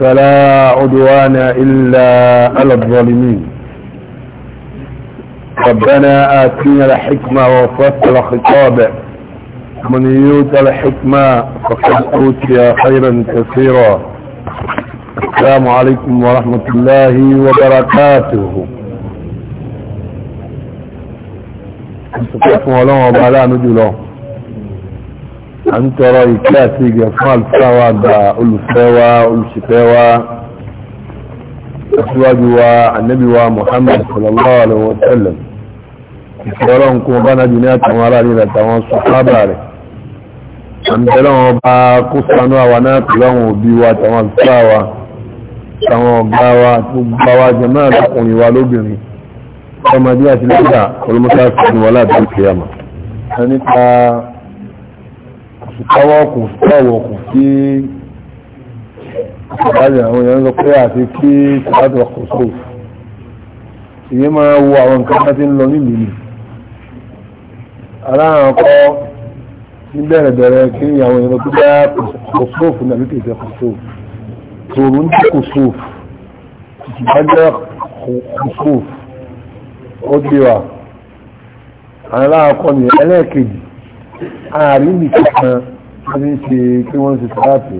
فلا عدوان إلا على الظالمين ربنا آتينا الحكمة وفصل خطابه من يوت الحكمة فقد أوتي خيرا كثيرا السلام عليكم ورحمة الله وبركاته عليكم ورحمة الله وبركاته à ń tọrọ ìkẹ́ àti ìgẹ̀ fún àlùfáà wa gba olùfẹ́ wa olùṣìfẹ́ wa aṣíwájú wa ànábì wa Muhammad sallallahu alaihi wa sallam ìfẹ́rọ̀ nǹkan bá nájú ní àtàwọn ará nílẹ̀ àtàwọn sọ̀hábà rẹ̀ àǹtẹ̀lẹ̀ wọn bá kó sanú àwa náà pẹ̀lú àwọn òbí wa àtàwọn káwọ́ kò sọ̀wọ̀ kò sí ìbáyà àwọn èèyàn lọ pé àti kí ìbádọ̀ kò sọ ìyẹn máa wo àwọn nǹkan bá ti ń lọ nílùú ni aláàrán kọ́ ní bẹ̀rẹ̀ bẹ̀rẹ̀ kí àwọn èèyàn lọ bá kò sóòfù ní àbíkè ìjẹ kò sóòfù tòrò ní kò sóòfù ìbájá kò sóòfù ó di wa aláàkọ́ nìyẹn ẹlẹ́ẹ̀kejì ààrin nìkan kan wọ́n ní ṣe kí wọ́n ṣe sàráàtì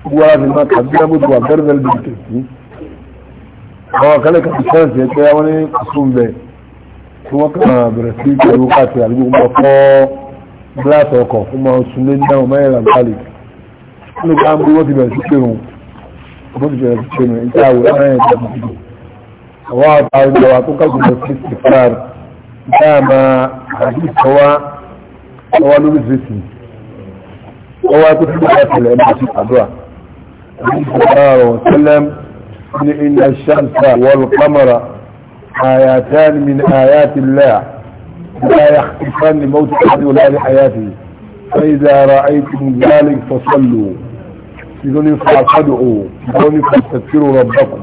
gbogbo ara fi máa tàbí lábòtò wà bẹ́rẹ̀ bẹ́rẹ̀ bẹ́rẹ̀ sí àwọn akẹ́lẹ̀ kan ṣáàṣì ẹgbẹ́ wọn ní kùsùn bẹ̀ tí wọ́n kàn bẹ̀rẹ̀ sí pẹ̀lú káàkiri àdúgbò máa fọ́ gíláàsì ọkọ̀ fún máa sun lé dáhùn mẹ́rìnlá báàlì nínú káàmù wọ́n ti bẹ̀rẹ̀ sí pẹ̀rùn wọ́n ti bẹ̀rẹ̀ sí pẹ̀rùn ìta àwòrán ẹ̀yìn tó ti dùn àwọn àtàwọn ìjọba tó kàkùn bẹ̀rẹ̀ sí pẹ̀rùn ìta àmà àdìsọ́wá ọwọ́ lórí fèsì ọwọ́ akókò àtìlẹ̀ ẹ̀mọ́sí àdúrà àrùn sẹ́lẹ̀m ní ilẹ̀ ṣáǹtà wọ́n kámàrà àyàtán min àyàtì lẹ́à لا يخطفان لموت أحد ولا لحياته فإذا رأيتم ذلك فصلوا بدون فادعوا بدون فاستذكروا ربكم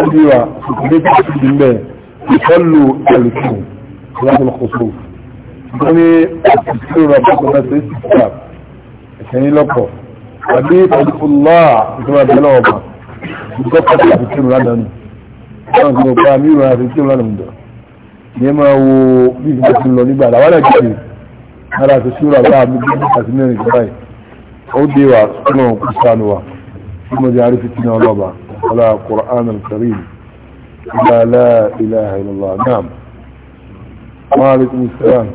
أيوة سكبت بالله فصلوا ذلكم صلاة الخصوص wọ́n ní àtìsí rọ̀bọ̀kọ̀ mẹ́sẹ̀ sí sáà ẹ̀sẹ̀yìn lọ́pọ̀ àbí ìfọ̀dúfọ̀lá ìjọba ìbẹ̀lẹ̀ ọba ìgbọ́kọ̀tà àtìsí rọ̀ lánàá nù wọ́n ti gba mí rọ̀ àtìsí rọ̀ lánàá nù ní máa wo bí ìgbà ti lọ nígbà àwọn àjèjì ara àtìsí rọ̀ bá mi bí àti mẹ́rin ìjọba yìí ó dé wa sọ́nà òkú sánú wa bí mo di àrífi tí náà lọ́ba ọlá Qur'an al-Karim la ilaha illallah naam wa alaikum salaam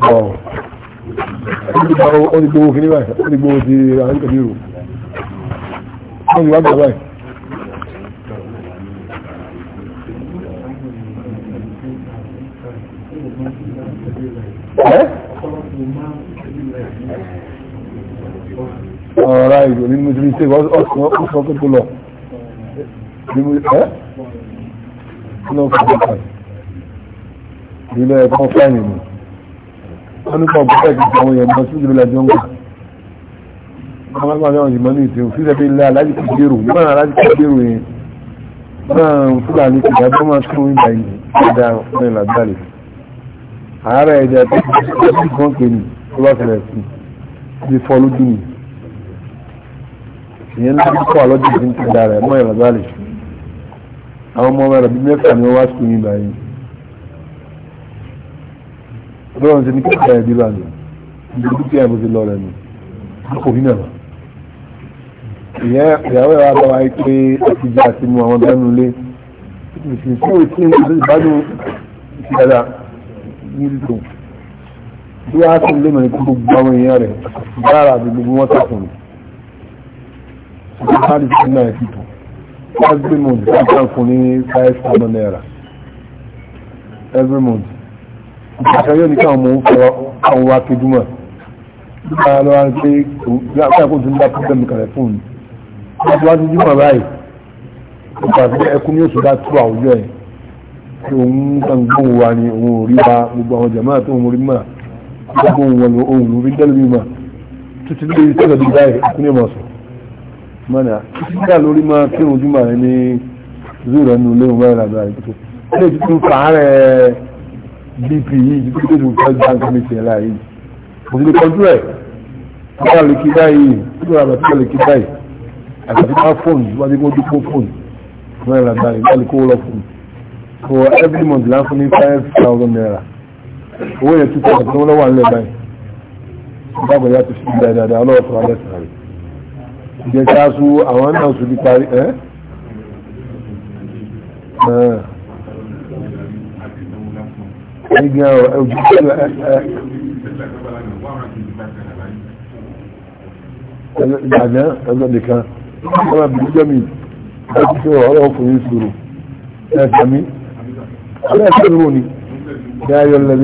ọ̀ ó ti gbowó kí ní báyìí ó ti gbowó ti àwọn ìkàbí rò wọ́n ti wá gbà báyìí ọ̀rá ìlú ní mo ti rí sèwọ́ ọ̀sán ọ̀sán tó kó lọ ní mo ẹ́ kí lọ́ọ́ fún ọ̀sán ìlú ẹ̀kọ́ fáìnì mi wọ́n ní kọ́ ọ̀gbọ́n ẹ̀kì àwọn èèyàn mọ́ sí ìjọba ìjọ ń gbà wọ́n máa gbàgbé àwọn ìmọ̀ ní ìsìn òfin ìsẹ̀bí ilé aláàjì kò gbèrò nígbà náà aláàjì kò gbèrò yẹn náà fúlàní kìlá tó máa tún ìgbà yìí ẹ̀dá ọ̀pọ̀ ìlà gbàlè ààrẹ ẹ̀dá tó ti gbọ́n pè ní tó bá fẹ̀rẹ̀ sí ti fọ́ lójú mi ìyẹn náà tó wà lọ́jọ́ ìdí ń tẹ̀dá rẹ̀ mọ́ ìlà gbàlè àwọn lọ́rùn sí ní kí ọ̀gá ẹ̀dí báyìí ní dúkìá bó ti lọ rẹ̀ nù kò rí nàmà ìyàwó ẹ̀rọ abáwa yìí pé àti jẹ́ àti mu àwọn bẹ́ẹ̀ nulẹ̀ ìsìn tí ó ti ń ṣe ìbádùn ìṣẹ̀dá ní ìlú bí wàá sì lé mọ̀ ní kí gbogbo àwọn èèyàn rẹ̀ dára àti gbogbo wọn sàkùn ṣùgbọ́n bá ní sí náà ẹ̀ fìtò wọ́n gbé mọ̀ ní fún ní five thousand naira every month ìgbàkan yóò ní káwọn mò ń fọ àwọn wa tójúmọ̀ nípa lọ́wọ́ pé kó tún bá pọ́tẹ́mì kalẹ̀ fún mi wọ́n wá tójúmọ̀ báyìí nípa pé ẹkún ní oṣù dá tú àwùjọ ẹ̀ tí òun kan gbóhùn wa ni òun ò rí wa gbogbo bp yìí ti tó tó tó bank committee ẹ̀ láàyè kò sí lè kọjú ẹ̀ nígbà lè kí báyìí nígbà lè kí lè kí báyìí àgbàdo bá fóònù wájú kó dúpọ̀ fóònù fún ẹ̀rọ àgbà nígbà lè kó lọ fóònù so every month là ń fún ní five thousand naira owó yẹn tún tẹ̀sán tó lọ́wọ́ àńlẹ̀ báyìí báwo ya ti fi dáadáa ọlọ́wọ́ fún alẹ́ sàárè ìjẹ́ káásù àwọn náà sùn ti parí ẹ́ ẹ́ يا ايها الذين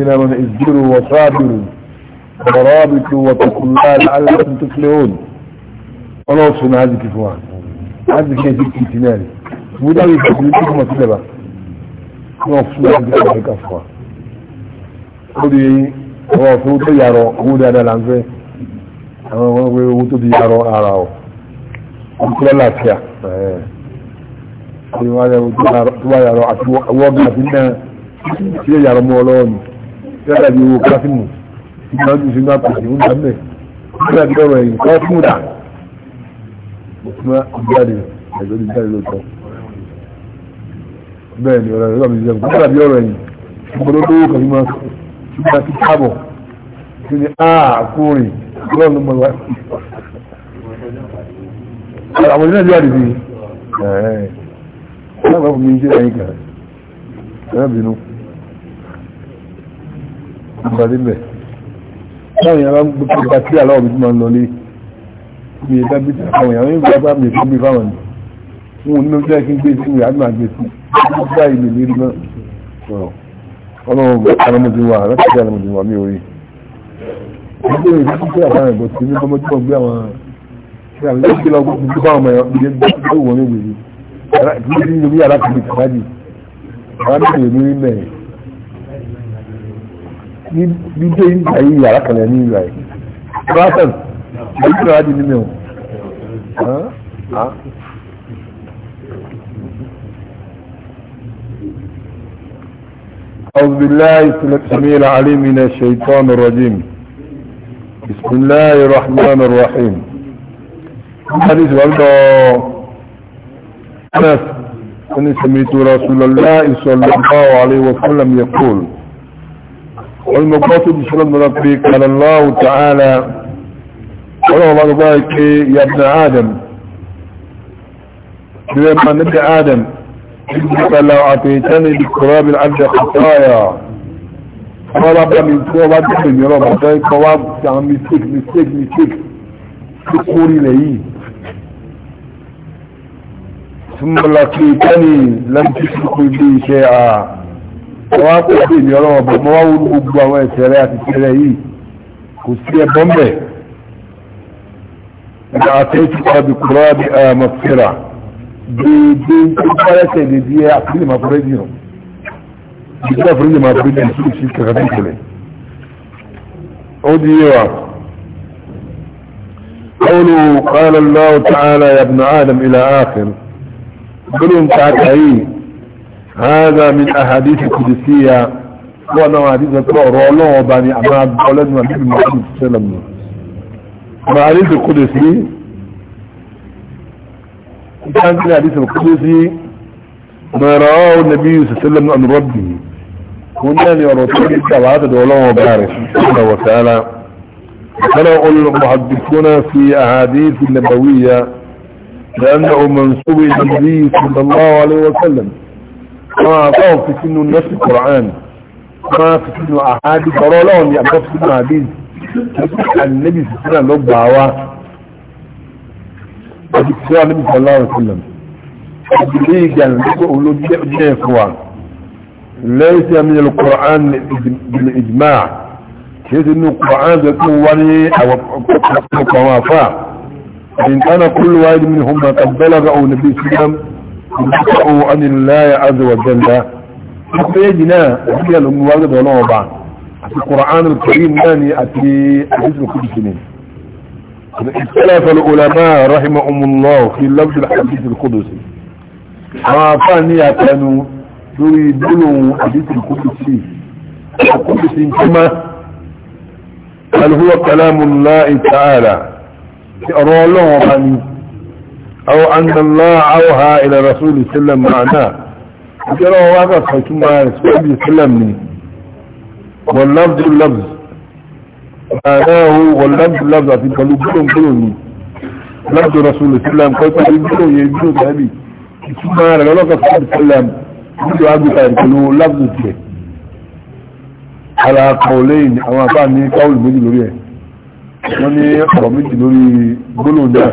امنوا اصبروا وصابروا ورابطوا واتقوا الله لعلكم تفلحون انا اوصي هذا كيف هو هذا كيف يجي في تنالي وده يجي في تنالي ما تلبى انا اوصي هذا كيف lórí ọwọ́ fún tó yàrọ owó dáadáa là ń fẹ́ àwọn ọmọ pé owó tó di yàrọ ara ọ̀ ìpínlẹ̀ làkíà ẹ̀ẹ́ tó bá yàrọ àti wọ́gbà àti náà tí ó yàrọ mọ́ ọlọ́run yàrá bí owó kásìmù ìgbà ojú sí máa pèsè ń dàmẹ́ nígbà tí ọ̀rọ̀ ẹ̀yìn kọ́ fún dà ìgbàdì ẹ̀gbẹ́ ti jáde bẹ́ẹ̀ ni ọ̀rọ̀ ẹ̀yìn kọ́ fún dà bí ọ̀rọ̀ ẹ̀yìn ìgbàdì ọ̀rọ̀ ẹ̀yìn nígbà tí kábọ̀ tí ni áà ah, kúrin lọ́n ló mọ̀ wá sí. àwọn ilé ìjọba dìbì ẹ̀ẹ́ náà bá fún mi ṣe ẹ̀yìn kan ẹ̀rọ bínú nígbà débẹ̀ táwọn èèyàn bá ń gbé pípa tí aláwọ̀ mi ti máa ń lọ lé mi ìdá bí àwọn èèyàn ń gbé mi fún mi fáwọn ni wọn ò ní lọ jẹ́ kí gbé sí mi àdúrà gbé sí mi ìlú mi rí náà sọ̀rọ̀ ọlọ́run alamọdéwà alákìtì alamọdéwà mi ò rí gbogbo ìlú tó tẹ àbáyé bọ sí ní bọmọdébọ gbé àwọn ṣe àwọn ilé ìṣẹ̀lẹ̀ ọgbọ́n tó bá ọmọ ìdílé gbé wọn ní ìwé ìdílé ní ìlú yàrá kìlì kàdádì alábìsẹ ìlú ní mẹ ní dídé ìgbà yìí yàrá kan ní ìlú ayé أعوذ بالله السميع العليم من الشيطان الرجيم بسم الله الرحمن الرحيم حديث والده أنس أني سميت رسول الله صلى الله عليه وسلم يقول والمقاصد شرم ربي قال الله تعالى قال الله ذلك يا ابن آدم لما نبي آدم إنك لو أتيتني بكراب العبد خطايا أنا ربا من سوى بعد من يرى بعدين قواب عن مسك مسك مسك تقولي لي ثم لقيتني لم تشرك بي شيئا قواب من يرى بمواول أبوا وإسراء تسرعي كسي بمبه أنا أتيتك بكراب مغفرة قوله قال الله تعالى يا ابن آدم إلى آخر قلهم تعتعي هذا من أحاديث القدسية وأنا حديث رولو بني أعمال قولنا النبي محمد صلى معاليث عليه كان في الحديث القدسي ما رواه النبي صلى الله عليه وسلم عن ربه كنا لي الرسول صلى الله عليه سبحانه وتعالى أقول المحدثون في أحاديث النبوية لأنه منصوب إلى النبي صلى الله عليه وسلم ما أعطاه في سن النفس القرآن ما في سن أحاديث فرأى لهم يعطاه في سن أحاديث النبي صلى الله عليه وسلم ọdíkọ́ níbi sọláwọ̀ sílẹ̀m ìdílé ìgbàlẹ̀ nígbà olójẹ́ fún wa lẹ́yìn sí àmì ìlú kọ̀ọ̀án ìlú ìjìmá kìí sí inú kọ̀ọ̀án tó tún wá ní àwọn ọkọ̀ àfà إن كان كل واحد منهما قد بلغ أو نبي سلام يدفعوا عن الله عز وجل فيجنا هي المواجهة ونوبة في القرآن الكريم يعني أتي حديث القدس منه اختلف العلماء رحمهم الله في لفظ الحديث القدسي ما فاني كانوا يريدون الحديث القدسي القدسي كما هل هو كلام الله تعالى أرى الله ومعني أو أن الله أوها إلى رسول الله معناه يرى واقف حكما رسول الله واللفظ اللفظ ẹ̀rọ wọ̀lọ́dúnlọ́dún àti pẹ̀lú gbólóngbóló ni lọ́dún rasulù sílẹ̀m kọ́kọ́ ní gbóló yẹ gbóló tàbí ìtumọ̀ rẹ̀ lọ́lọ́kọ̀ sílẹ̀m sílẹ̀m gbóló agbèta ìpẹ̀lú lọ́dún tiẹ̀ ara kọ̀ọ̀lẹ́yìn àwọn afá ní káwùlù méjì lórí ẹ̀ wọ́n ní ọ̀rọ̀ méjì lórí gbóló náà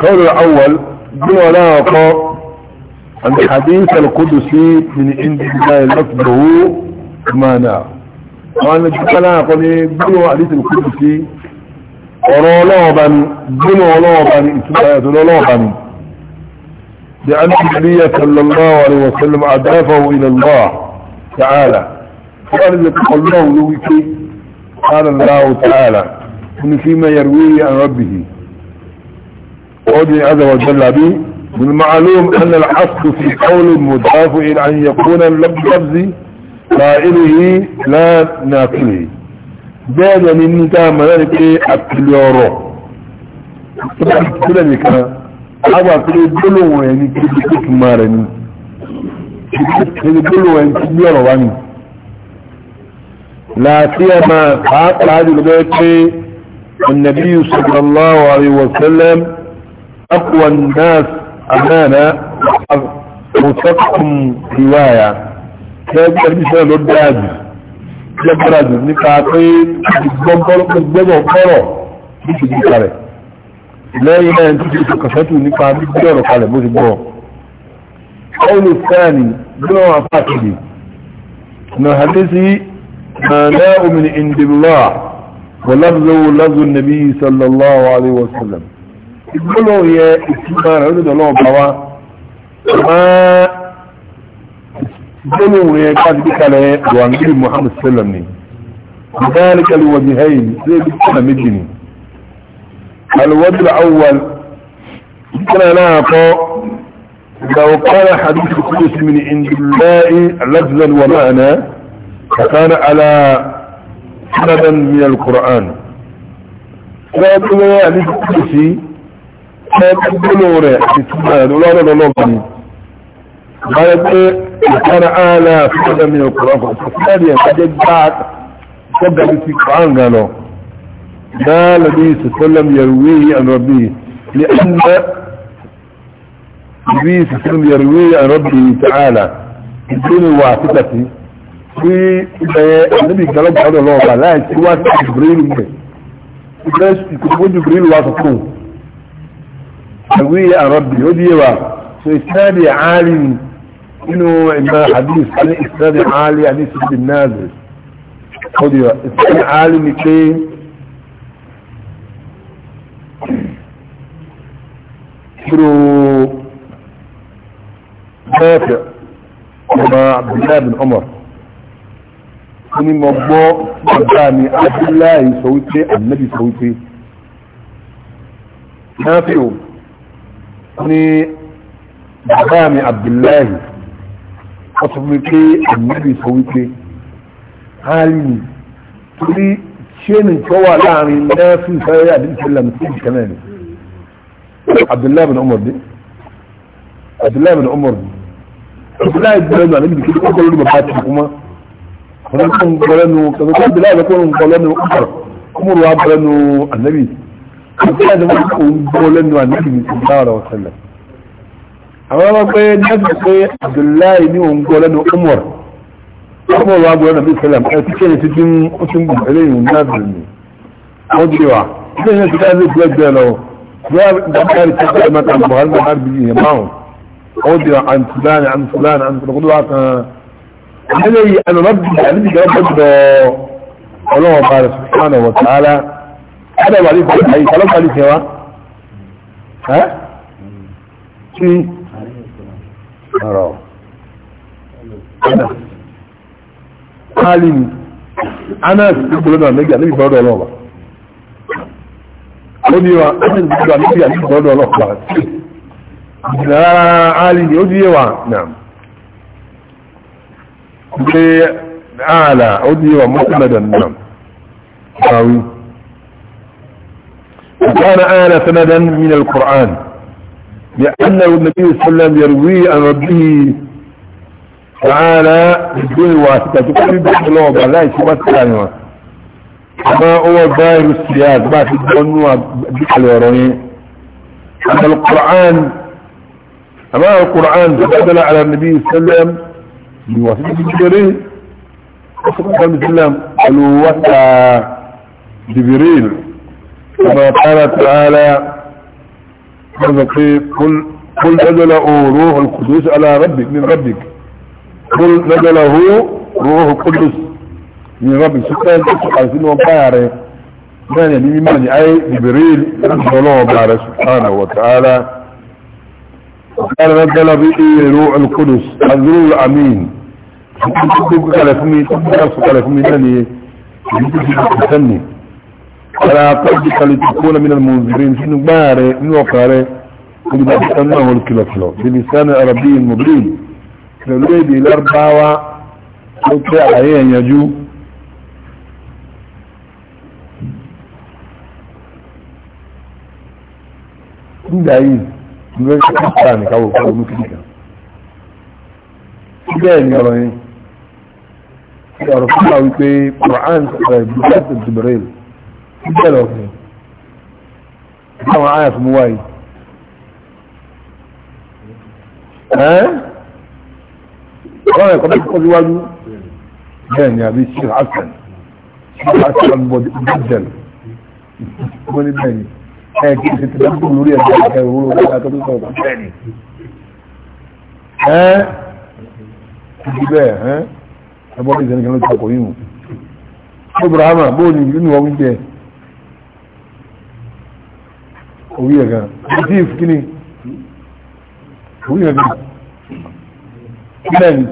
kọ́ọ̀lù awọ́l gbóló náà kọ́ àti àwọn ẹgbẹ́ aláàkọ́ ní gbónú àdíṣẹ́ ìkúrò sí ọ̀rọ̀ ọlọ́ọ̀bá ni gbónú ọlọ́ọ̀bá ni ìtumọ̀ ẹ̀tọ́ ọlọ́ọ̀bá ni bí a ní ìbíyà sallallahu alaihi wasallam adáfàwò ilẹ̀ lọ́wà ta'ala fọ́nà lè kọ́ lọ́wọ́ ló wípé قال الله تعالى من فيما يرويه عن ربه وقضي عز وجل به من المعلوم أن العصر في قول مضاف إلى أن يكون اللفظ قائله لا ناقله بعد ان نتام ذلك التليورو طبعا كل ذلك أبا كل دلو وين كيف مارني كيف دلو وين تليورو لا سيما قاطع هذه البيت النبي صلى الله عليه وسلم أقوى الناس أمانة وثقهم رواية ẹgbẹ́ ní sẹ́yìn ló dáa jù lọ́gbọ́ra jù nípa pé gbọ́gbọ́rọ̀ ní ti gbígbà rẹ̀ lẹ́yìn náà tó ti kọ̀sẹ́tù nípa gbígbé ọ̀rọ̀ kalẹ̀ bó ti gbọ́ ọlù fẹ́ẹ̀nì gbọ́nà àpáàkìlì na hadisi na náà omin indilá wà lafzawo lafzo nabi sallallahu alaihi wasallam ìgbọ́nà yẹ ìtumọ̀ rẹ̀ ó جنو يقال بكالة وانجيل محمد وسلم ذلك الوجهين زي بكنا مدني الوجه الأول كنا نعطى لو كان حديث القدس من عند الله لفظا ومعنى فكان على سندا من القرآن فأبنى يعني القدس فأبنى نوره حديث الله báyẹ̀ pé ìkọ́ra ààlà fíjọba mi òkúrọ̀ ọkọ̀ fúnlẹ̀rì ẹ̀ fẹ́jẹ́ gbá tọ́gbà bí ti kọ́ àǹgà lọ náà lọ́dí ìsìtọ́lẹ̀m yẹ̀rùwé àrọ́bì ní ẹ̀nà ìbí ìsìtọ́lẹ̀m yẹ̀rùwé àrọ́bì tààlà ìdúnì wà títàtí sí ìbẹ̀yẹ níbi ìgbàlọ́gbà ọ̀dọ̀ lọ́ọ̀bà láì tí wá sí ìbìrìlù mẹ́ ìgbẹ́ ìkòkòjú ìbìrìlù wà sọ fún ìwé àrọ́bì ó díẹ̀ wà so ìsìtọ́lẹ̀ àárín إنه إما حديث عن إسلام عالي عن إسلام النازل خذوا إسلام عالي مكين كرو نافع وما عبد الله بن عمر من مبوء قدامي عبد الله سويته النبي سويته نافع ni قدامي عبد الله wọ́n sọ wípé àmìlì sọ wípé hálì torí ṣéènì tó wà láàrin lẹ́fì sáré àdìsílẹ̀ sí ìkẹ́lẹ̀ ni abdullahi bin umar ni abdullahi bin umar ni abdullahi bin umar ni bí kí ó kọ́ lórí bàbá ti kuma wọ́n kọ́ ń kọ́ lẹ́nu kọ́ kọ́ abdullahi bin umar kọ́ lẹ́nu umar umar wa kọ́ lẹ́nu annabi abdullahi bin umar kọ́ lẹ́nu annabi sallallahu alaihi wasallam àwọn ọmọ pé dájú pé abdullahi ní òun gbọ́ lẹ́nu umar umar wa gbọ́ lẹ́nu islam ẹ ti kéde títí ó ti ń gùn eléyìí ní nàbìlì ni wọ́n ti wà ilé iṣẹ́ ti dájú pé bẹ́ẹ̀ lọ bóyá dákàrí ti sọ́ọ́ mẹ́ta buhari náà hàbí yìí márùn wọ́n ti wà àǹtìláni àǹtìláni àǹtìláni wà kan eléyìí ànàmọ́bì àdìgbà gbọ́dọ̀ ọlọ́wọ́ bá rẹ̀ sùpánà ọ̀rọ̀ alìmù anas ìgbòlódà nígbà níbi bọ́ọ̀dọ̀ ọlọ́ọ̀bà ó ní wa nígbà níbi àti bọ́ọ̀dọ̀ ọlọ́ọ̀bà ìgbìnà rárá alìmù ó díye wa náà gbé ààlà ó díye wa mọ́sílẹ̀dàn náà kàwí وكان آل سندا من القرآن لأنه النبي صلى الله عليه وسلم يروي عن ربه تعالى بدون واسطة تقول بحلوبة لا يشبه الثانية يعني ما هو ظاهر السياسة ما في الدنوة الوراني أما القرآن أما القرآن تبدل على النبي صلى الله عليه وسلم بواسطة جبريل صلى الله عليه وسلم قالوا واسطة جبريل كما قال تعالى قل قل نزله روح القدس على ربك من ربك قل نزله روح القدس من ربك سبحانه وتعالى وقاره يعني بمعنى اي جبريل الله بارك سبحانه وتعالى قال نزل به روح القدس الروح الامين سكان لك على سكان تقول لك على قلبك لتكون من المنذرين في نبارة من وقارة قد تسمعه الكلفلو لسان عربي مبين فلوي دي الأربعة وكي عيان يجو من دعين من دعين الثاني كاو كاو مكنيكا بين يا رأي يا رسول الله ويكي قرآن سبحانه بلاد الجبريل bẹ̀rẹ̀ ọ̀gbìn àwọn àyà fún mú wáyé ẹ́n ọ̀rẹ́ kọ́lá kọ́ síwájú bẹ́ẹ̀ ni àbí ṣe àṣàn àṣàn bọ̀dẹ̀l wọ́n ní bẹ́ẹ̀ ni ẹ̀ kí n ṣe ti dákú lórí ẹ̀dá ẹ̀rọ owó lórí ẹ̀dá tó sọ̀rọ̀ bẹ́ẹ̀ ni ẹ́n ti bẹ́ẹ̀ ẹ́n ẹ̀bọ́n ìṣẹ́ni kan ló ti àkọ́yìn mu Ibrahima bóòlù nínú ọ̀gbìn jẹ́ orí ẹ̀gá motif kíní orí ẹ̀gá bẹ́ẹ̀ni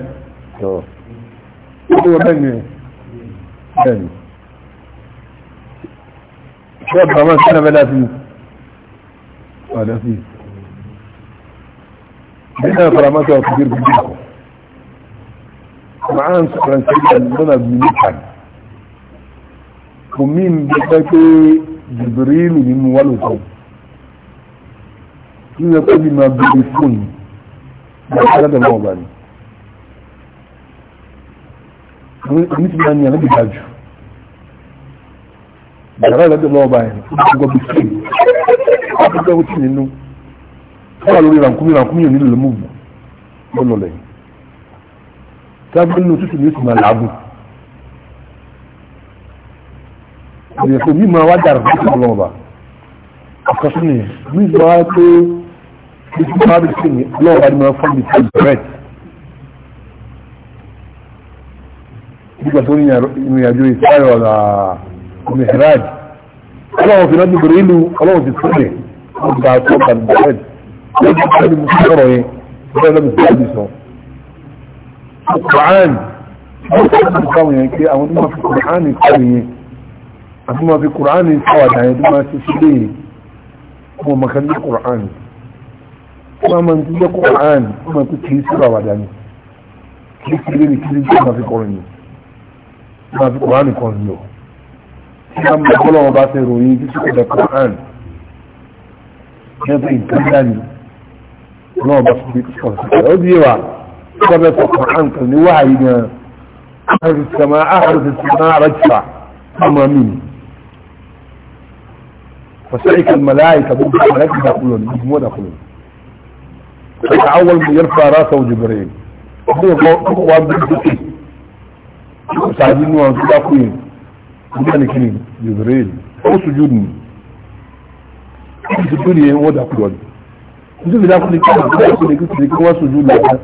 ọ̀rọ̀ bẹ́ẹ̀ni ẹ̀ bẹ́ẹ̀ni ṣe ọ̀bàmọ́ sí ẹ̀nà bẹ́ẹ̀dá sí ọ̀dá sí bẹ́ẹ̀ni ọ̀fọ̀ramọ́sọ̀ ọ̀fìdí ìgbìyànjú ma ń sọ̀rọ̀ sí ẹ̀lọ́nà mìíràn kò mí ń bẹ́ẹ̀ pé jìbìrìlù nínú wà lóòótọ́ kí ni ẹkọ́ bí máa bèèrè fóònù bá aládàá náà bá ní ní ti máa ní àná bìbá jù bàrá aládàá náà bá yẹn ó gbọ́ bí fóònù ó ti gbọ́ tí nínú ó wà lórí rànkúmí rànkúmí yẹn nílò lọ́mú bù ó lọ lẹ́yìn tábìlì nínú tútù ní oṣù máa làágùn ìrẹ̀kọ̀ mímọ̀ wájà rẹ̀ fún ọlọ́ọ̀bà àkọsílẹ̀ mímọ̀ wá pé títí bábí sí ni ọlọ́ọ̀bá ni wọ́n fọ́n mi sí brett nígbà tó ní ìrìnàjò ìsáyọ̀ omi heraj ọlọ́wọ́ fi lọ́dún bèrè ìlú ọlọ́wọ́ fi sílẹ̀ ọgbà tó ọgbà ní brett lọ́dún tó ní musu sọ̀rọ̀ yẹn bẹ́ẹ̀ lọ́dún tó ní sọ. Quran wọ́n sọ fún ìfọwọ́ yẹn pé àwọn tó máa fi Quran sọ̀rọ̀ yẹn àti máa fi Quran sọ̀rọ̀ àdáyẹn tó máa ṣe sílẹ̀ yẹn wọ́n mọ̀ kan ní Quran. wọ́n máa ń tún jẹ́ Quran wọ́n máa ń tún kì í síra wàdà ni kì í sí ilé ní kí ní máa fi kọrin ni máa fi Quran kan lò kí á máa kọ́ lọ́wọ́ bá ṣe ròyìn kí sókè dẹ̀ Quran kẹ́fẹ́ ìgbéga ni lọ́wọ́ bá fi kọ́ sí ó di wa kọ́ bẹ́ẹ̀ sọ Quran kan ní wáyé gan àrùn sàmà àrùn sàmà àràjìfà ọmọ mi ni فسعك الملائكة بالملائكة دخلون مجموع دخلون أول ما يرفع راسه جبريل هو بالذكي سعدين وانتلاقين مدعني كنين جبريل هو سجودني سجودني هو دا كل وجه نزل دا كل كلام دا كل كل كل هو سجود لا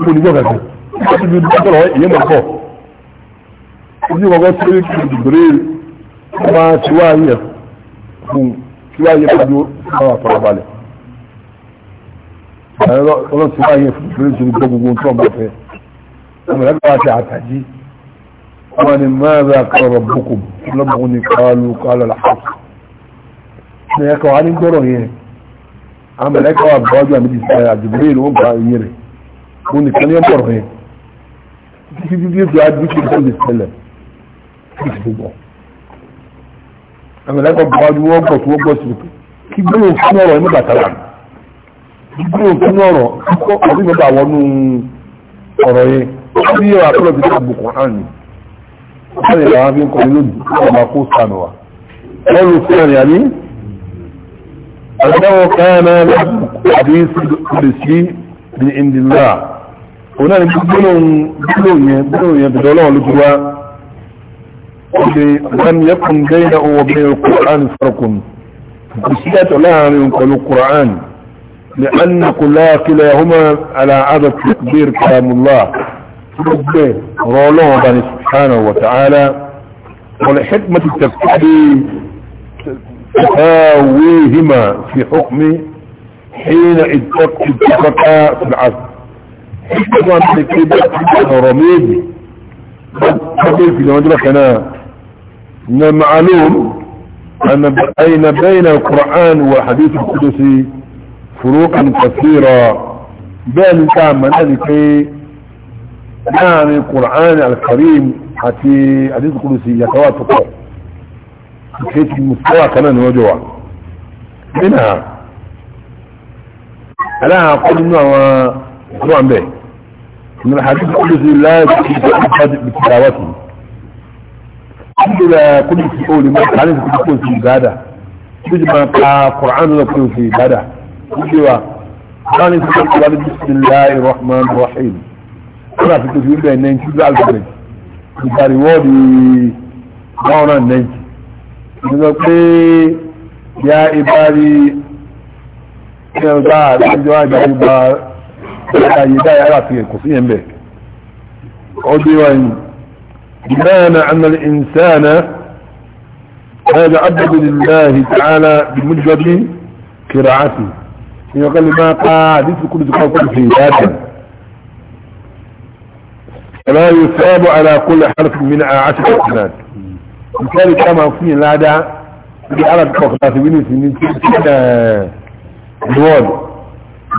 هو نجوا كذا سجود دا هو يوم الخوف نزل وقت جبريل ما سواه هي هو ما طلب عليه ọlọ́tí wáyé fún ìṣòro gbogbo tó ọmọ fẹ́ ọmọ ẹgbẹ́ àti àtàjí wọ́n ni mẹ́rin akọrọ̀ boko lọ́gbọ̀n ní kọlu kọlu làkàtù ní ẹkọ̀ wá ní gbọ́rọ̀ yẹn àmì ẹkọ̀ wà bọ́jú àmì ìsìn àyà àdìbò yìí wọ́n gba iye rẹ̀ wọ́n nìkan ní ọgbọ̀rọ̀ yẹn títí títí tó a dúkìá tó lè ṣẹlẹ̀ kí ti gbọ́ àmì ẹkọ̀ bọ́jú wọ́n gbọ̀ tó wọ́n gbọ̀ sí kí gbọ́rọ̀ gbogbo òkun ọ̀rọ̀ kíkọ́ ọdún mẹ́ta wọnú ọ̀rọ̀ yẹn bí yóò àpẹẹrẹ bí káàbù kan hàn ní ọ̀rẹ́ ìlà wọn fi ń kọrin lójú ọba kó sànù wa wọ́n lu fún ẹ̀rìn àní àdáwọ̀ káyánà àti ìsìlè sí ní ìndìlá òun náà ni gbólóhùn yẹn gbólóhùn yẹn bìdọ́ lọ́wọ́ ló ti wá ọdẹ wọn yẹkùn dẹ́yìn náà wọ́n bẹ́ẹ̀ kùrán fọ́rọ̀kùn kò sí ẹ̀tọ́ láàrin pẹ̀lú kùrán لأن كلها كلاهما على عدد تكبير كلام الله رولوه بني سبحانه وتعالى ولحكمة التفكير تساويهما في حكم حين اتفقا في العصر حكمة التكبير رميز تكبير في المدرك هنا انا معلوم أن بين بين القرآن والحديث القدسي فروقا كثيرة بين كان من ذلك يعني القرآن الكريم حتي حديث القدسي يتواتق حيث المستوى كمان وجوع منها ألا أقول إنه مشروع به إن الحديث القدسي لا يتواتق بتلاوته الحمد لله كل شيء يقول ما الحديث القدسي عبادة تجمع القرآن القدسي عبادة وجوا كان يقول بسم الله الرحمن الرحيم أنا في التجويد بين نينتي بقى الجبن ìgbàrí wọ́ọ̀dì náà nẹ́jì nínú pé ya ìbárí ẹgbà àjọ àgbàrí bá àyè dáyà láti ẹ̀kọ́ sí ẹ̀mẹ́ ọdí wáyìí بمعنى أن الإنسان هذا عبد لله تعالى بمجرد قراءته èèyàn kan lè máa ka àdìsí kúrò tí kò fi ìdájà ẹ̀rọ yóò sọ́ọ́bù ara kó lè harfi mi náà àti kọ̀ọ̀kan ìkẹ́rì ká máa fún yín ládá ní alábi kọ̀ọ̀kan àti wíní sí ní tí ìwọ̀n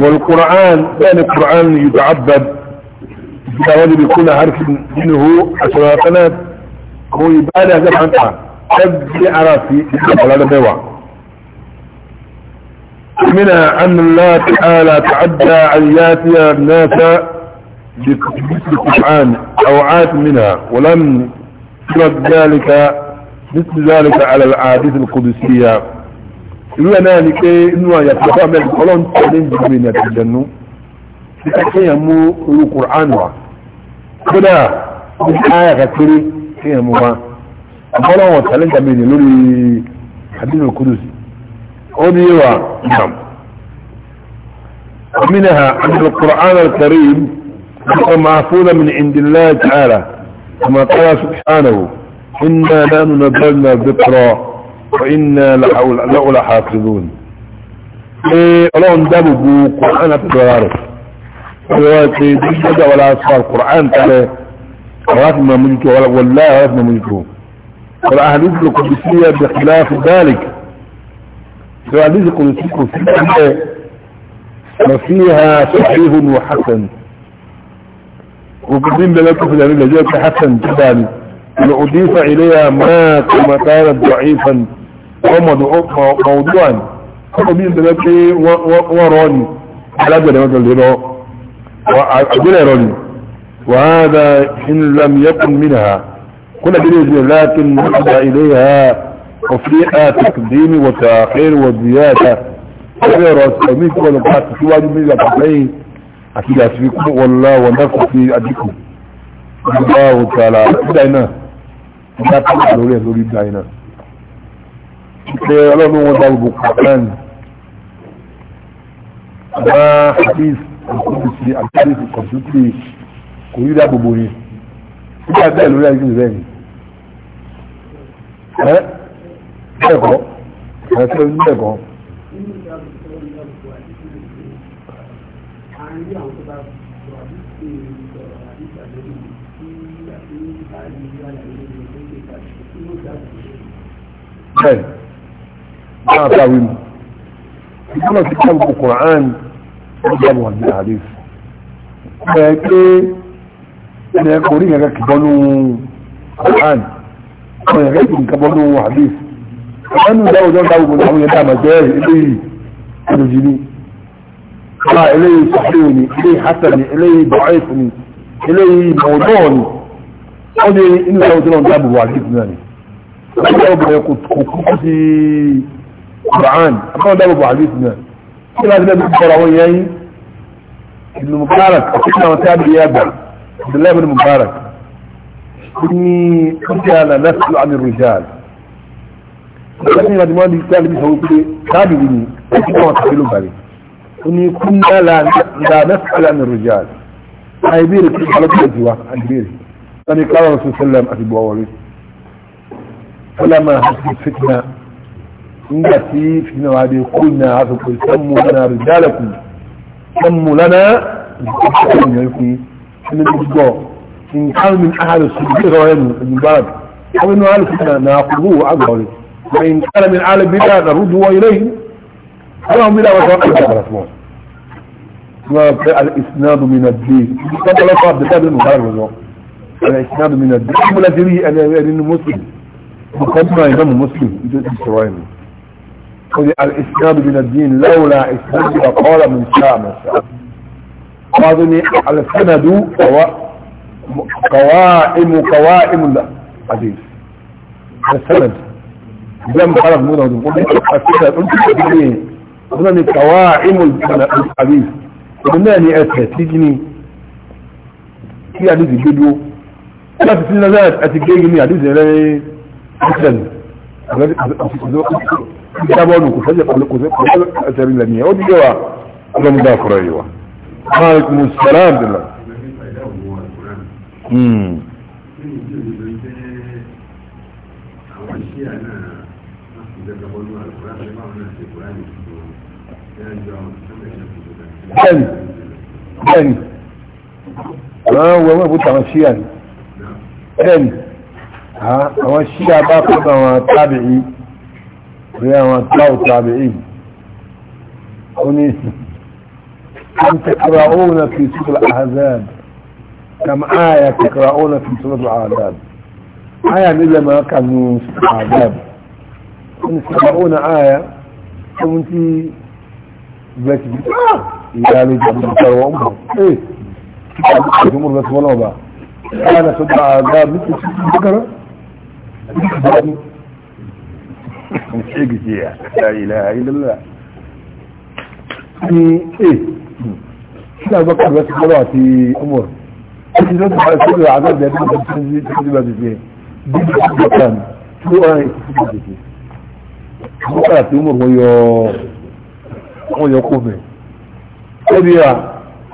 والقرآن كان القرآن يتعبد بالتعبد بكل حرف منه عشرات كو يبالغ عنها تبدي على في على البيوع منها أن الله تعالى تعدى أن ياتي الناس بمثل قرآن عاد منها ولم يرد ذلك مثل ذلك على العادث القدسية إلا ذلك إنه يتفهم القرآن تلين جميل يتجنو يتكيمو القرآن كلا من آية كثيرة كيموها أولا وتلين جميل لولي حديث القدسي قديوا نعم ومنها عبد القرآن الكريم هو معفوظ من عند الله تعالى كما قال سبحانه إنا لا ننزلنا ذكرى وإنا لأولى حافظون إيه، الله اندبه قرآن تدرارك ويواتي دجد ولا أصحى القرآن تعالى رفنا ملكه ولا والله رفنا ملكه والأهل يدلق بسيئة بخلاف ذلك فعليز قلسيكم فيها صحيح وحسن وقدم لك في الأمين لجوك حسن جدا لأضيف إليها ما كما كانت ضعيفا ومضع موضوعا فقدم لك وراني على هذا المدى وعجل راني وهذا إن لم يكن منها كل جديد لكن نقضى إليها وفي تقديم وتأخير وزيادة خير وسلمين كل نقاط سواج من الأفعين أكيد أسفكم والله ونفس في أديكم الله تعالى دعنا لا تقع لوري لوري دعنا الله وضع البقران ما حديث القدسي الحديث القدسي كل أبو بوري كل هذا لوري أجل ذلك ها bẹ́ẹ̀kọ́ ẹ̀fẹ́ bẹ́ẹ̀kọ́ bẹ́ẹ̀ náà tàwí mú ìgbọ́nà tí kọ́ ìpò kòrán ó jẹ́ ní àríf ẹ̀ pé ẹ̀kọ́ orí ẹ̀kẹ́ kìbọ́nú kòrán ọ̀rẹ̀ ẹ̀kẹ́ kìbọ́nú àríf ẹnu dáwùjọ́ dáwùgbò àwọn yẹn dáàmà bẹ́ẹ̀rẹ̀ eléyìí àjòjì ni ọ̀la eléyìí sàfihàn ni eléyìí hasan ni eléyìí bọ̀ọ́ẹ̀fù ni eléyìí mọ̀ọ́dọ́ ni wọ́n ní inú dáwùjọ́ náà dáàbò wà nípìn náà ni wọ́n dáwùjọ́ bẹ̀rẹ̀ kò kúkú sí Quran àbáwọn dáàbò wà nípìn náà kí ni wọ́n ti bẹ́ẹ̀ bọ̀rọ̀ àwọn yẹn Ibn Mubarak àti náà tí a bí yẹ gbà Abdullahi Ibn Mubarak ní ọjà náà nafsu àmì rìjáàlì lẹ́yìn ìwádìí wọ́n di káàdì sọ wípé káàdì yìí ni ẹ̀kí wọn kàbí ló bàrẹ̀ ó ní kúnlá làánẹ́sàlá ní rìjà àìbéèrè kí alọ́kọ̀ ẹ̀jì wa àìbéèrè sani káwọn sọ sẹlẹm àti bọ̀wọ̀rí sẹlẹmà àti fitina nígbà tí fitina wa dé kúnlá àti pé sẹ́mu lánà rìjà lẹ́kùn sẹ́mu lánà rìjà lẹ́kùn ẹni gbọ́ nǹkan mi àhàlẹ̀ sùn bí ìrọ̀ ẹnu ẹ̀yìn bára bí àwọn ènìyàn àlùfẹ́ náà kúrú àgbà ọ̀rẹ́ وإن كان من عالم بلا نرده إليه فلهم بلا ما في الإسناد من الدين كما لا صار بتاب المخالف الإسناد من الدين كما لا تريه أنه مسلم مقدمة إمام مسلم إسرائيل الإسناد من الدين لولا إسناد لقال من شاء ما شاء قاضني على السند قوائم قوائم الحديث السند جنب خلف موضة وتقول أسئلة أنت تجني هنا قوائم الحديث قلنا لي أتى تجني في حديث الجدو لا في سنة ذات أتجيني حديث إليه حسن كتابون كفجة قبل كفجة أتري لني أودي جوا أنا مضاف رأيوه عليكم السلام بالله bẹ́ẹ̀ni bẹ́ẹ̀ni àwọn wẹ̀wẹ̀ bó tàwọn ṣíyà ni bẹ́ẹ̀ni àwọn ṣíyà bá fún àwọn tábìí rí àwọn táù tábìí ó ní أن تقرؤون في سورة الأحزاب كم آية تقرؤون في سورة الأحزاب آية إلا ما كانوا الأحزاب أن تقرؤون آية ثم أنت بس بس ìyáálé jàdùn ìfẹ́rọ ọmọ ee ìjọba ìjọba ìjọba ìjọba ọba ẹ̀yà tó dá àgbà ní kò sí ìgbẹ́kẹ̀rẹ́ ìjọba ṣégìsì ilẹ̀ ilẹ̀ ní ee sí àgbà kàbẹ̀ sí fọ́lọ́ àti ọmọ rẹ̀ ẹni tó ti bá sí ìrọ̀ àgbà bẹ̀rẹ̀ tó ti sí tó ti bá ti fi bí i ti bá ní tó ọ̀rẹ́ ìfúnjẹ́ ti fi àwọn kàrà tí ó mọ̀ wọ́n yọ kó bẹ̀rẹ̀ أبيع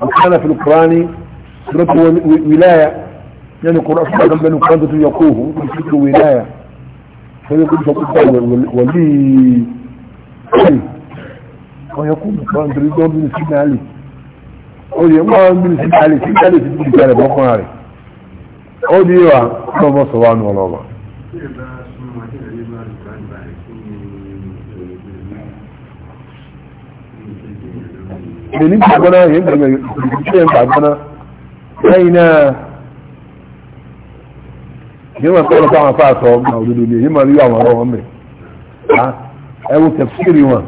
وكان في القرآن سورة ولاية يعني القرآن سورة بنو قرآن يقوه سورة ولاية فيقول فقط ولي ويقول القرآن تريدون بن سيدنا علي أولي الله بن سيدنا علي سيدنا علي في الجنة بقنا علي أولي الله الله سبحانه وتعالى benin babana yadda mai kusurin babana aina yawan tsara sama fa sọ na òdodo ne yi ma rí àwọn ọmọ mẹ ẹwọ tafsiri wọn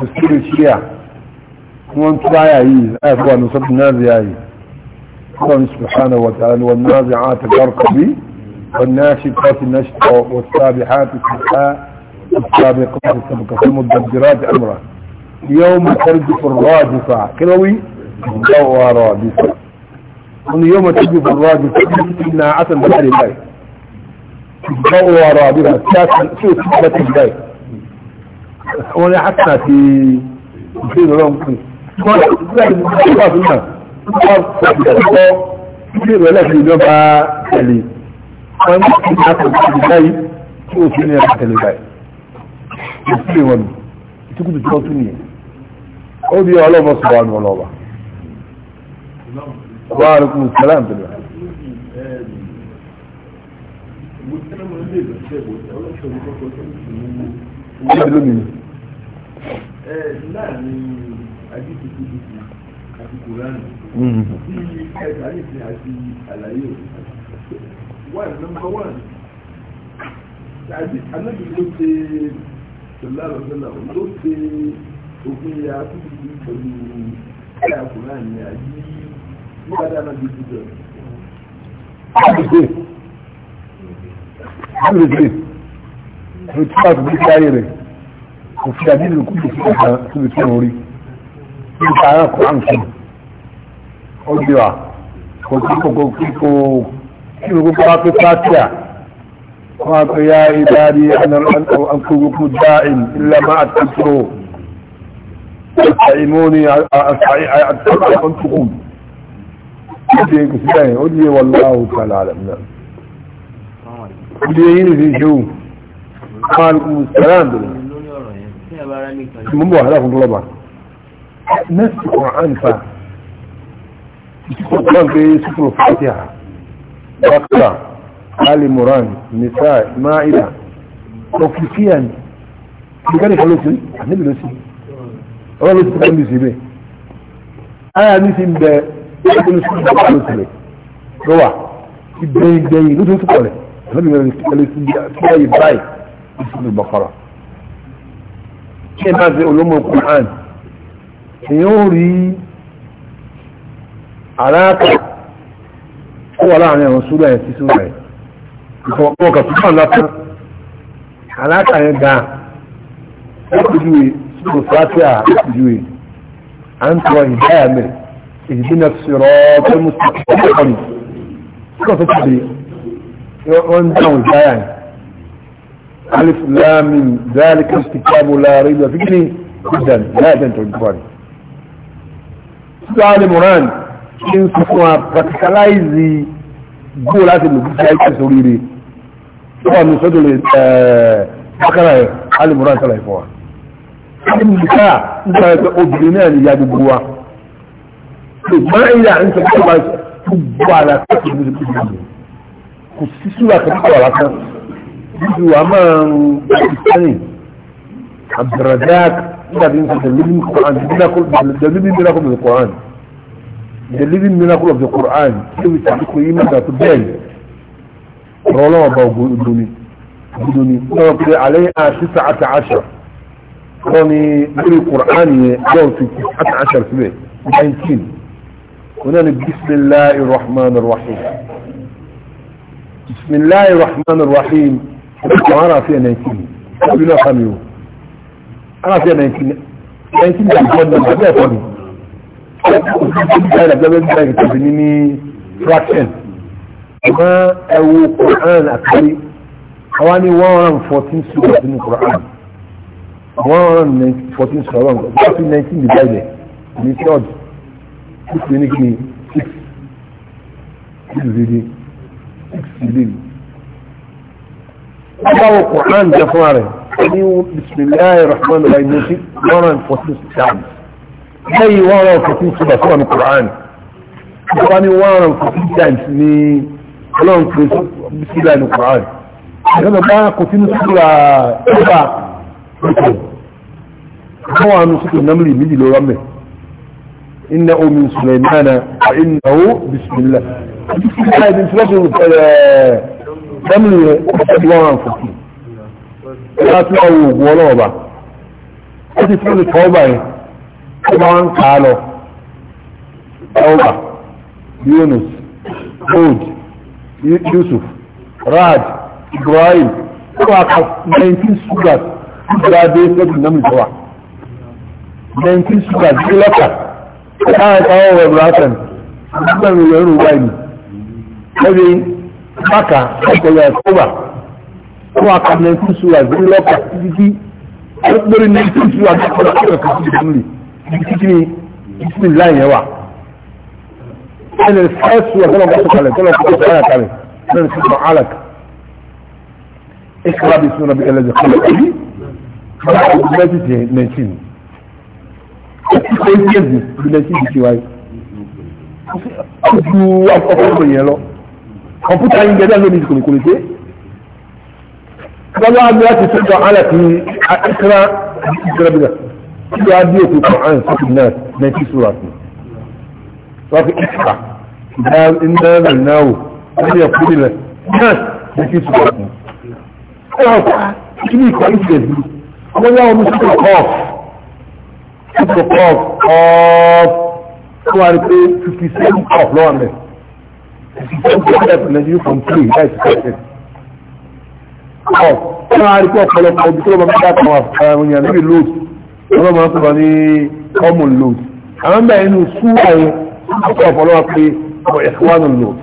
tafsiri shia wọn tura ya yi ayat wa nusab naziya yi kawai subhanahu wa ta'ala wa nazi'ati garqabi والناشطات نشطا والسابحات سبحا والسابقات سبقا المدبرات امرا يوم ترجف الراجفة وي دوا راجفة أن يوم ترجف الراجفة إنا عسن بحر الله دوا راجفة ساسن شو سبت الله وانا حسنا في في الرام كنت كثير ولا في اليوم تلي وانا حسنا في الله شو سنة بحر الله يسير وانا تكون تتوتني ó di ọlọ́mọ sọ̀rọ̀ àwọn ọlọ́ba wa alaikum salam tẹ̀lé láàrin adídìkú àti kòránì tí ẹ̀ka nìkan àti àlàyé wà nọ́mbà wàn anábì ló ṣe ṣọlá lọ́sọ́lá ló ṣe òfin ilẹ̀ àtúntò pẹ̀lú ilẹ̀ àkùnrin àmì àyí nígbàdá náà bí ti bẹ̀rẹ̀. Àbùsè ló tí wàá tóbi káyé rẹ̀ kò fi àdínlù kúrò sí ọ̀gá síbi tí wọ́n rí. Nípa ara kò á ń sùn. Ó di kò kí kò kò kí kò kí ló gbogbo wá pé pátíà. Wọ́n á pe ya ìdarí àná àkókò dáìn ilẹ̀ máa tó tó. تطعموني أتطعم أنتكم أدي كسبين أدي والله تعالى أعلم أدي هنا في شو قال السلام دلوقتي mo ń bọ̀ wàhálà fún global next quran fa quran pé sùpùrù fatiha bakra ali moran nisa ma'ida ọkùnfíà ní ìgbẹ́rẹ̀ kan ló sí àníbi ló sí ọ̀rọ̀ ló ti fẹ́ mi síbẹ̀ ara mi ti ń bẹ ẹgbẹ́ mi síbẹ̀ ọ̀rọ̀ ló ti rẹ̀ ló wà ìgbẹ̀yìn gbẹ̀yìn ló ti ń sọ̀rọ̀ rẹ̀ ọ̀rọ̀ mi rẹ̀ ti fẹ́ yìí báyìí ó ti fi bọ̀kọ̀rọ̀ ṣé máa ṣe olómọ Qur'an èèyàn ó rí àràkà ó wà láàrin àwọn súrà ẹ̀ sí súrà ẹ̀ ìfọwọ́kà tó kàn látàn àràkà yẹn dáa ó kò ju kò fàtíà ìjúwe à ń tọrọ ìdáyà mẹ ìdíjìnà sọ̀rọ̀ tó mú sí ọkọ ni kò tó tẹ̀lé wọ́n ń dáhùn ìdáyà ni alif lamin zalika kitabu la rayba fihi hudan la tantu al-qur'an sura al-imran in sukwa practicalize go láti lu bi ayi so rire ko mi so do eh bakara al-imran sala ifwa nípa nípa ẹgbẹ́ obìnrin náà ni ya gbogbo wa ṣùgbọ́n ilé à ń sọ pé wọ́n gbogbo àlà kẹ́kọ̀ọ́ ní ìlú ìlú kò sí sílẹ̀ kẹ́kọ̀ọ́ àlà kan níbi wàá máa ń sẹ́yìn abdulradak nígbà tí ń sọ the living Quran the living miracle of the Quran the living miracle of the Quran ṣé wí tàbí kò yí mẹ́ta tó bẹ́ẹ̀ ni rọ́lọ́wọ́ bá ògbóni ògbóni lọ́wọ́ pé àlẹ́ àṣìṣà àti àṣà. wọ́n ní lórí kùránì yẹn bọ́ọ̀lù fi kù àti àṣàrò síbẹ̀ 19 wọ́n náà ní bisimilahi rahman rahim bisimilahi rahman rahim wọ́n ara fi 19 wọ́n náà sami o ara fi 19 19 yà bọ́ ní ọjọ́ ẹ̀fọ́ ni fraction ṣùgbọ́n ẹ̀wù kùránì àkàrí àwọn ní 114 sùgbọ́n nínú kùránì one fourteen sọ̀rọ̀ nǹkan thirty nineteen divided ní third six ní kí six six zidi six zidi. Báwo Kùrán jẹ fún ààrẹ? Ní bisimilayi rahman rahim ní sí one hundred fourteen times. Lẹ́yìn one hundred fourteen sọ̀rọ̀ fún àmì Kùrán. Ìjọba ní one hundred fourteen times ní ọlọ́run kìí sọ bisimilayi ní Kùrán. Ìjọba bá kò sínú sọ́ra ẹ̀ka. هو أن نسيت النمل ميدي لو رمي إنه من سليمان فإنه بسم الله بسم الله بن سلسل نمل الله عن فكين لا تلعوه ولا وضع أتي تلعوه توبة طبعا قالوا توبة يونس هود يوسف راد إبراهيم 19 سورة ìgbàdé sẹ́gbì náà mìí tọ́wàá 19 sugar bí lọ́kà láàrín àwọn ọ̀rọ̀ ìbúrásẹ̀n agbẹ́rin ilẹ̀ ìrù wáyé lẹ́bí bákà ọ̀pọ̀lọ̀ ẹ̀kọ́bà fún àkà 19 sugar bí lọ́kà títí ó péré 19 sugar bí lọ́kà ọ̀pọ̀lọ̀ ẹ̀kọ́ sí ìdánilè títí ní ìsìn láì yẹn wà ẹni first sugar tọ́lọ̀ kọ́ sọ̀kalẹ̀ tọ́lọ̀ kọ́ sọ̀kalẹ̀ kalẹ̀ lẹ́nu sí sọ alak ìkàrà bí sọ̀rọ̀ bí ẹlẹ́dẹ̀ kọ́lẹ̀ kọ́lẹ̀ ó ń jẹ̀bù ìbílẹ̀ sí ìdíje wáyé ó ju ọkọ̀ yẹn lọ kọ̀mpútà yín gẹ́gẹ́ lónìí kò ní kò ní dé bọ́lá bí wọ́n ti sọ́jọ́ alẹ́ fi akẹ́kọ̀ọ́ ìjọba bíbẹ̀ kí wọ́n á bí òkú kan àrùn sí ìdílé náà ní sùúrù àti wọ́n fi ìkà ìdá náà náà wò wọ́n yẹ kúrò lẹ̀ náà ní sùúrù àti. ẹ̀rọ kí ni ìkọ́ ìṣẹ̀lẹ̀ bí wọ́n yá wọn ní kọ́ọ̀fù ọ̀pọ̀ kọ́ọ̀f kọ́ọ̀f wọ́n rí pé fifty seven kọ́ọ̀f lọ́wọ́ mẹ́ fifty seven kọ́ọ̀f nàìjíríà from three láìsí kọ́ọ̀f kọ́ọ̀f wọ́n rí pé ọ̀pọ̀lọpọ̀ ibi tó lọ́ máa ń dá kan àwọn èèyàn níbi load wọ́n máa ń sọ̀rọ̀ ní common load àwọn bẹ́ẹ̀ inú sùn àwọn kọ́ọ̀f ọlọ́wọ́ pé ọ̀pọ̀ ẹ̀fọ́nù load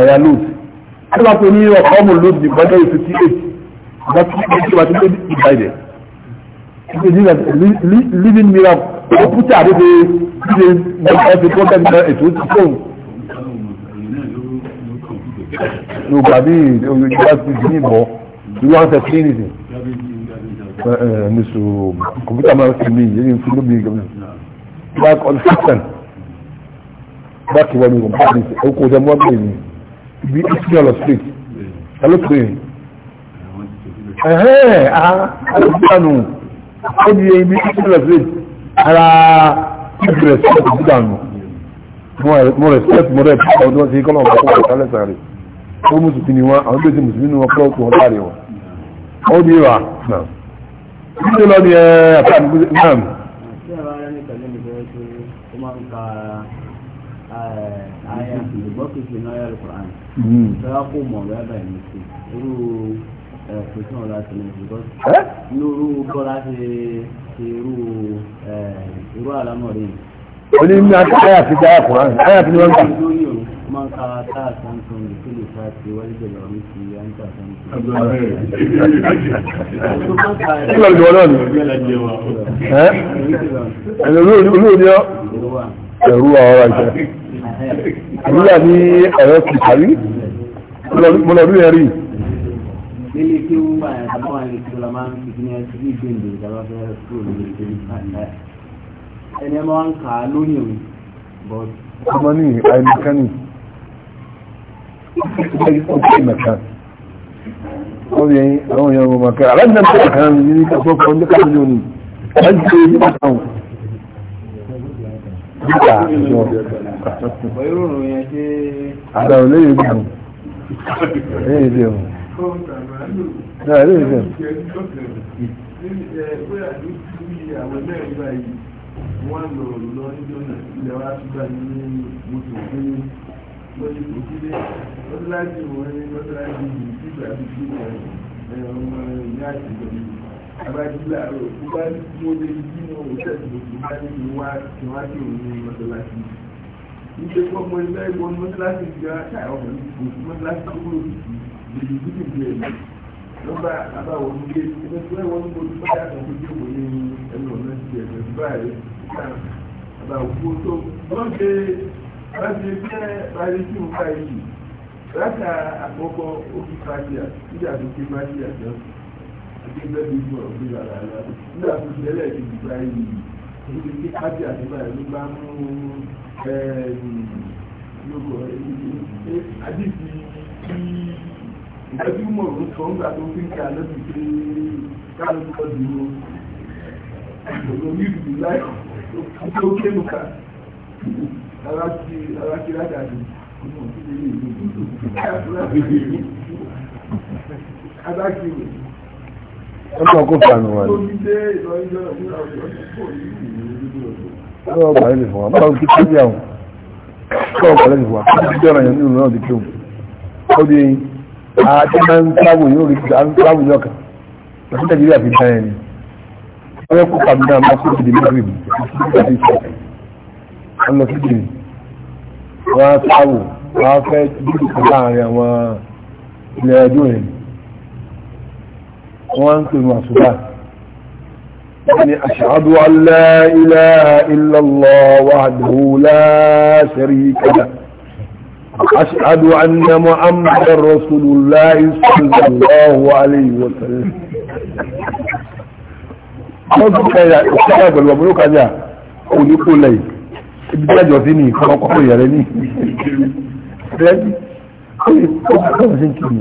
ọ̀yà load wọ́n máa ń pè ní ọ̀pọ̀ common load ní gbọ́dọ̀ 58 ìgbà tí ìgbà tí ìgbà tí ìgbà living mirror ó pútà àdéhùn ṣe ẹsẹ̀ kọ́ńtà nípa ètò ìfóhùn. ní ọgbà bí oyè ìjọba ti di ní ìbọ̀ ìlú wọn fẹ́ sí nìyí. nisu kọ̀mpútà máa ń fi mí yé ní fi back on system back to one room party ó kó jẹ́ mọ́ bẹ́ẹ̀ ni bí ìsúná lọ sí ẹ̀ ló pè é. ẹ̀hẹ́n àá àlùfáà nù ó di ibi ìpínlẹ̀ sílẹ̀ ara ìpínlẹ̀ sílẹ̀ tó dà nù mo respect mo rẹ̀ pípa ọdún ọ̀sẹ̀ kọ́lọ̀ ọ̀pọ̀ ọ̀pọ̀ ọ̀sẹ̀ sáré ó mùsùlùmí ni wọn àwọn gbèsè mùsùlùmí ni wọn kọ́ ọ̀pọ̀ ọ̀sẹ̀ wọn ó di wà náà ìdílé lọ ni ẹ àtàkùn náà. ní pẹ̀lú náà yàrá kùrán tó ní sí ẹ kò sí ọ̀la sí ní because lóru bọ́lá ṣe ṣe irú irú àlámọ̀rí. oní ní àyà fi káyà kùn án àyà fi ní wọ́n gbà. máa ń ka táà ìpínlẹ̀ ìta ti wáyé bẹ̀rẹ̀ ọ̀run ti àǹtà sáńtún. kí ló ń jọ náà ni. ẹ̀rọ olóòní ọ́ ẹ̀rú ọ̀rọ̀ ìjẹ́ àbúrò àbí ẹ̀rọ kìkàrí mo lọ rí ẹ̀rí nílé kí ó ń gbà yàtọ̀ bá wọn lè tó la máa ń fi ní ẹtí bí gbèǹdè ìjọba fẹ́ kúrò lórí ìdílé pàtàkì ẹni ẹ máa ń kà á lónìí òun but. ọmọ ní àìmọ̀kánì ó kí màkà wọ́n yẹ àwọn èèyàn ọmọ màkà aláìsàn náà tó kà á ní ní kàkọ́ kan ní kàkọ́ lónìí wọ́n ti ṣe ní kàkọ́ wọn. Nígbà àjọ. Àdàwọ̀ lẹ́yìn ìgbà. Lẹ́yìn ìgbà náà rí ìṣe. wọ́n lọ lọ níjọ́ náà ilẹ̀ wa tún bá ní mọ́tò pé lọ́jọ́ tó kílé lọ́jọ́ láti wọ́n ní lọ́jọ́ láti yìí sí ìgbà tó kí ẹ̀rọ ọmọ ìyá àti ìgbàlejò abájúlá rẹ̀ tó bá mú lé bí wọn ò tẹ̀sí lòdì bá ní kí wá kí wá kí ní lọ́jọ́ láti yìí ìgbésọ́mọ ilé ẹ̀gbọ́n mọ́tò láti gbà ọ̀hún mọ́tò láti kúrò sí i gidigidi ju èmi wọ́n bá bàbá wọn gbé ẹgbẹ́ tí wọ́n ń bójú bá yàtọ̀ tó dé wò ní ẹnu ọ̀nà ti ẹ̀fẹ̀ báyìí bàbá òkú tó wọ́n ṣe wọ́n ṣe jẹ́ parí sí nǹka yìí láta àkọ́kọ́ òkú fàájìyà nígbà tó ké fàájìyà jọ agbẹ́gbẹ́ bí mo rọ̀ bí bàbá rẹ̀ nígbà tó ṣe ẹlẹ́ẹ̀kejì báyìí níbi ké fàájìyà báyìí ló bá mú ẹ̀ẹ́dì lóko ẹ̀ ìtọ́jú mọ̀ ló sọ ńgbà tó fi ń kà lẹ́bi pé káàlù kọ́ dúró ìṣòro nílùú láì tó kéwù ká ara kí láti àjò Adákìrì. Ọjọ́ ọkọ̀ fàánù wà ní. Ọjọ́ ọgbà ilẹ̀ fún wa. Báwo kí kí bí àwọn? Ọjọ́ ọgbà ilẹ̀ fún wa. Kí bí bí ọ̀rọ̀ yẹn nínú náà di kí òun. Ó di eyín àti máa ń tábù yóò rí à ń tábù yóò kàn lọ́sí nàìjíríà fi dá ẹni wọ́n yẹ kó kàmú náà máa kó ìdí mẹ́rin ìbí àti wọ́n lọ sí ìdí wọ́n á tábù wọ́n á fẹ́ dúdú kan láàrin àwọn ilẹ̀ ẹjọ́ yẹn wọ́n á ń pè wọ́n àṣùbà يعني أشهد أن لا إله إلا الله وحده لا أشهد أن محمد رسول الله صلى الله عليه وسلم ọdúnkà ìṣẹ́lẹ̀ pẹ̀lú ọmọ yóò kájá olùkó lẹ́yìn ibi jẹ́jọ sí ní ìkan ọkọ̀ ìyẹ̀rẹ́ ní rẹ́dí ọmọ sí kìí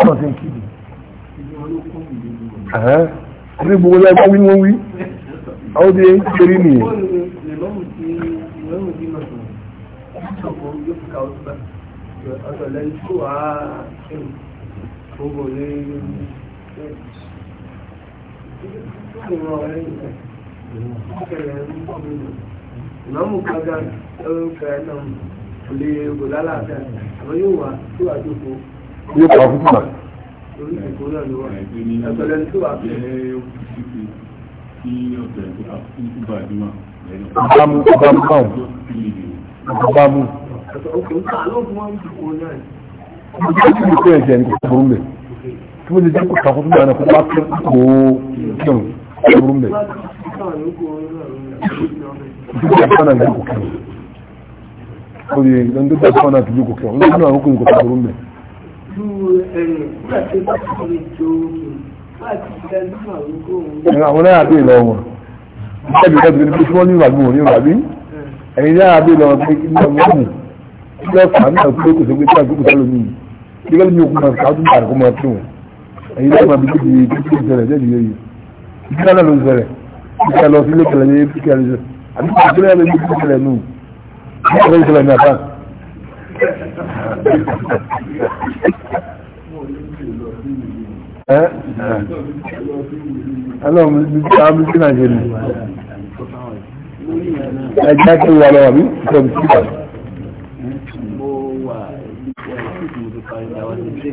ọmọ sí kìí ẹ̀hẹ́ orí gbogbo lẹ́gbọ́n wí wọ́n wí ìjọba yóò fi ka ọtún bá ọ̀sọ̀ lẹ́yìn tó wà á ṣẹ́yìn gbogbo lé ìmọ̀mù kága ẹ̀rọ kẹrẹ náà kò lè kò lálàáfíà àmọ́ yóò wà tó wà tó kó. yóò kọ́ fún mà. lórí ìkó náà ló wà ẹ̀sọ̀ lẹ́yìn tó wà tó. kí ọ̀sẹ̀ tó bá tó bá jùmọ̀. ọba mú ọba mú báwọn bá mú. Ìjọba ti di fún ẹ̀jẹ̀ nǹkan burú mbẹ̀. Tí wọ́n ti jẹ́ kó kàkó fún ìyànà kó bá kí kó kírun kó burú mbẹ̀. Ìjọba ti fún ẹ̀jẹ̀ kó kírun. Ó di ẹni tó dáa fún ẹ̀jẹ̀ kó kírun. Ó lọ́nà àwọn kòkòrò kó burú mbẹ̀. Àwọn náà yà á dé ìlọ wọn. Ìjọba ti fún ẹ̀jẹ̀ kó kírun. Wọ́n ní ìwà gbòòrò ní ìwà bí ẹ̀yin náà bí lọ bí ilé ọmọ mi ilé ọ̀fà náà kúrò kò sí pé tí àgbékùtà lómi ilé mi òkú máa ká tún bàrẹ̀ kó máa tún ẹ̀yin náà máa bí kí ibi tí ó ṣẹlẹ̀ jẹ́ ìyẹ́ yìí ibi náà ló ń ṣẹlẹ̀ ibi lọ sí ilé kẹlẹ̀ yẹn kí kẹlẹ̀ ṣe àbí kí ìdílé yẹn lè ní kí kẹlẹ̀ nù kí kẹlẹ̀ ṣẹlẹ̀ ní àbá. ẹ ẹ ẹ lọ́wọ́ mi ti àwọn mi ti nàìjíríà ẹgbẹ́ tó wà lọ́wọ́ mi tó ń síbà. mo wà ní mo ti parí àwọn ti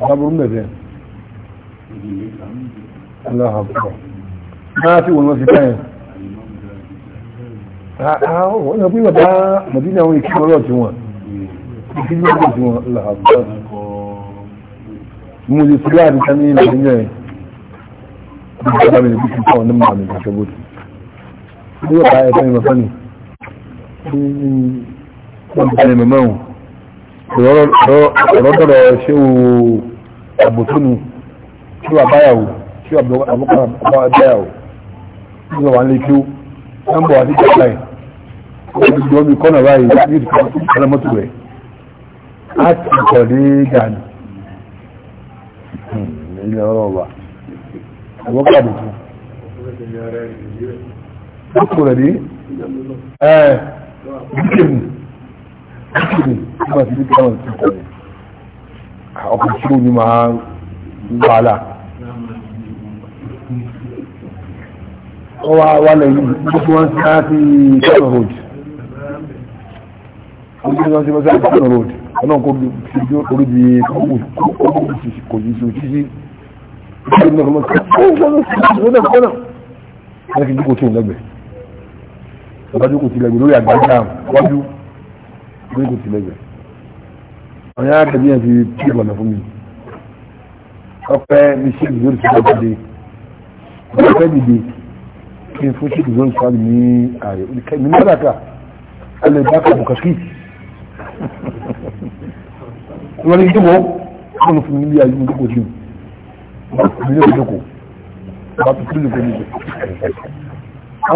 ọ̀rọ̀bùrún bẹ̀rẹ̀ aláhàbùrọ̀ máa tí wọ́n ti káyẹ̀ àwọn ọ̀pọ̀ ìwọ̀dá mọ̀dínà àwọn ìkí ọlọ́ tí wọ́n ìkí ní ọjọ́ tí wọ́n aláhàbùrọ̀ mú ti sílá àti ká ní nàìjíríà yìí ìjọba mi níbi kíkọ́ ọ̀nà máa mi kàṣẹ bó ti ní ọ̀pá ẹ̀fẹ́ ìmọ̀fẹ́ ni wọ́n ti ká ẹ̀mọ̀ mẹ́wọ̀n ọ̀rọ̀dọ̀rọ̀ ṣéwò àbòtónù ṣéwò àbáyàwó ṣéwò àbáyàwó ṣéwò wà ní kíó ẹmbọ̀ àti jẹ́láì ọdún ọdún kọ́nà ráyìí ní ìdíkọ́lọ́mọ́tò rẹ̀ láti ìkọ̀dé gàánì ilẹ̀ ọ̀rọ̀ wà àbọ́kà àbòtó ọkùnrin ẹ̀ kíkìrì nígbà tí kíkìrì àwọn ìtìkọ̀ rẹ̀ ọkọ̀ tí ó ní máa ń wàhálà ọwọ́ wàhálà yìí tó tí wọ́n sáá sí kẹ́lọ̀ road wọ́n tí wọ́n sí wọ́n sáá sí kẹ́lọ̀ road ọ̀nà kò sí bí orí di kò yí sí òtítí ìgbà tí wọ́n sáá sí kẹ́lọ̀ road méjì ti lẹ́gbẹ̀ẹ́ àwọn yàrá tẹ̀lé yẹn ti tí ìbọ̀nà fún mi ọpẹ́ ní ṣíkì zoro ti lọ́gbọ̀n dé ọpẹ́ fẹ́ dìde kí n fún ṣíkì zoro ti wáyé ní ààrẹ ní mọ́dàkà alẹ́ bá kà bùkà kíì wọ́n ní ìdíwọ́ wọ́n fún mi ní ayé mi dókòó jìm mi ní òdòkó bá tó kílù kó níbẹ̀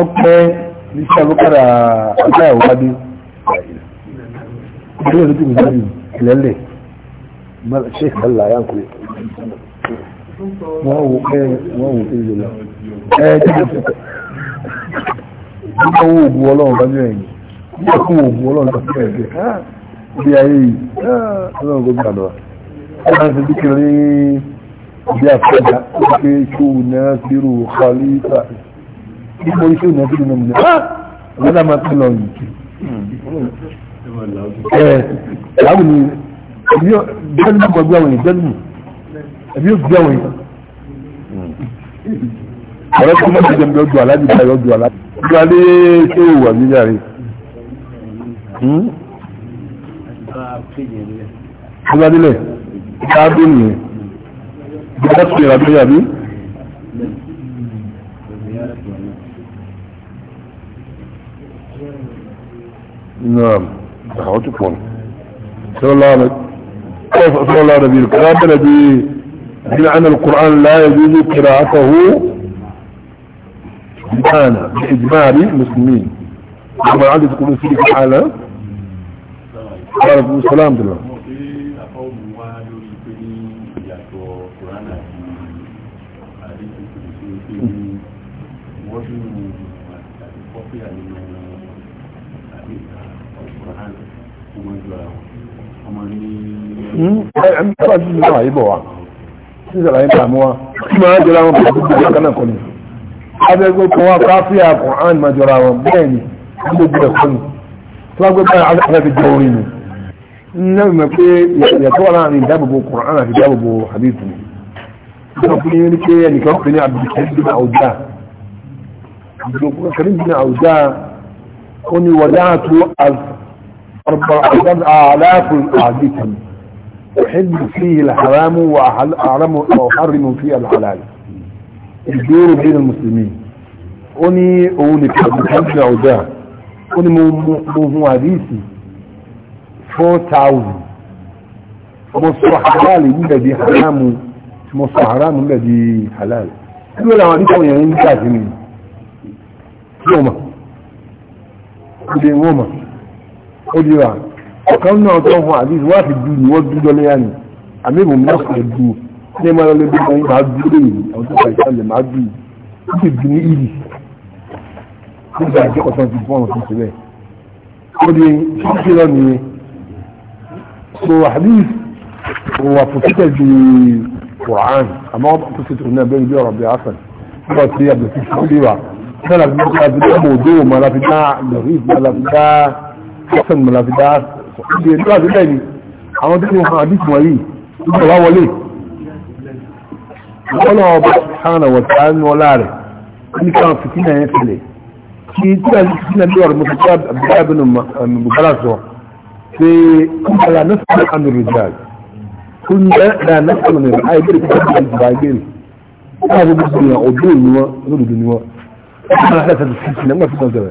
ọpẹ́ ní ṣàlùkàrà aláìwọ́dé ilé ìlú tìbí jáde lẹ́lẹ̀ sheik bala ya nkule wọ́n wò pé wọ́n wò pé ìlú ẹ jẹ́ nípa owó ògùn ọlọ́run lọ́jọ́ ẹ̀yìn nípa owó ògùn ọlọ́run lọ́jọ́ ẹ̀yìn bí ayé yìí ọlọ́run gbogbo àdọ́wà ọ̀nà ti dúkìá ní bí àfẹ́dá wípé ṣó náà sírù kọlífà nípa iṣẹ́ náà sírù náà mú ní ọ̀nà máa tún lọ yìí láwù ni ẹbí jẹ́nu gbọ́ gbọ́ àwọn yìí jẹ́nu ẹbí yóò gbọ́ àwọn yìí. ọ̀rọ̀ tó máa ń jẹun bí ọdún aláàbí báyìí ọdún aláàbí. ọdún alẹ́ ṣé o wà nílẹ̀ rẹ̀? ọdún alẹ́ ṣé a dún nìyẹn? bí a tún yàrá bẹ́ẹ̀ yàrá Naam. No. أخوتي كون صلى الله عليه صلى الله عليه الكلام الذي قيل أن القرآن لا يجوز قراءته بمعنى بإجمال المسلمين لما عدد تقول في الحالة قال السلام دلوقتي ẹ̀ẹ́dẹ́gbà tí mo náà yíbọ̀ wa tí sọ̀rọ̀ yín dààmú wa kí máa jọra wọn pẹ̀lú gbogbo ọ̀kan náà kọ́ni abẹ́gbẹ́ kan wá káfíà kùnán máa jọra wọn bẹ́ẹ̀ ni wọ́n gbogbo ẹ̀ kọ́ni tí wọ́n gbé báyìí alákàtà fi jọ orin ni nínú mi pé yàtọ̀ wà láàrin ìdáàbòbò kùnán àti ìdáàbòbò àbíkù wọ́n fi ní pé ẹnìkan pè ní abdulkadir àwùjá abdulkadir أربعة آلاف عادية أحل فيه الحرام وأحرم فيه الحلال الدور بين المسلمين أني أولي بحج عداء أني مو حديثي 4000 مصر حلال الذي حرام مصر حرام الذي حلال كل لما عليكم يعني كاذبين يوم يوم ó di wa ọ̀kan náà tó fún àdìs wá ti du ni wọ́n du lọ́lẹ́ yá ni àmì ìbò mọ́ kò du ní ma lọ́lẹ́ bí wọ́n máa du lé yìí àwọn tó fà ìsàlẹ̀ máa du yìí ó ti du ní ìlì nígbà tí ọ̀sán ti fọ́n ọ̀sán sílẹ̀ ó di ṣíṣe lọ nìyẹn so àdìs wà fún títẹ̀ ju Quran àmọ́ tó ti tún náà bẹ́ẹ̀ bí ọ̀rọ̀ bí asan nígbà tí àbẹ̀sí ṣíṣe lè wà sọ́nà àti mọ́tò àti mọ́tò òdó mọ́ láti dá lọ́rí ìfúnná láti dá ọ̀sán mọ̀láfídá ìdí ètò àti bẹ́ẹ̀ ni àwọn tó ń hàn àdìsí wọ̀nyí nígbà wá wọlé ọ̀nà ọba sàánà wọ̀tá ń wọlá rẹ̀ ní káwọn fìtínà yẹn fẹ̀lẹ̀ kí tí a fìtínà bí ọ̀rọ̀ mọ̀tò àbúrò bínú bùbára sọ pé kúkàlà nọ́sàn àmì rìjàl kún náà nọ́sàn àmì rìjàl àìbẹ̀rẹ̀ kí wọ́n ti bá gbèrè káwọn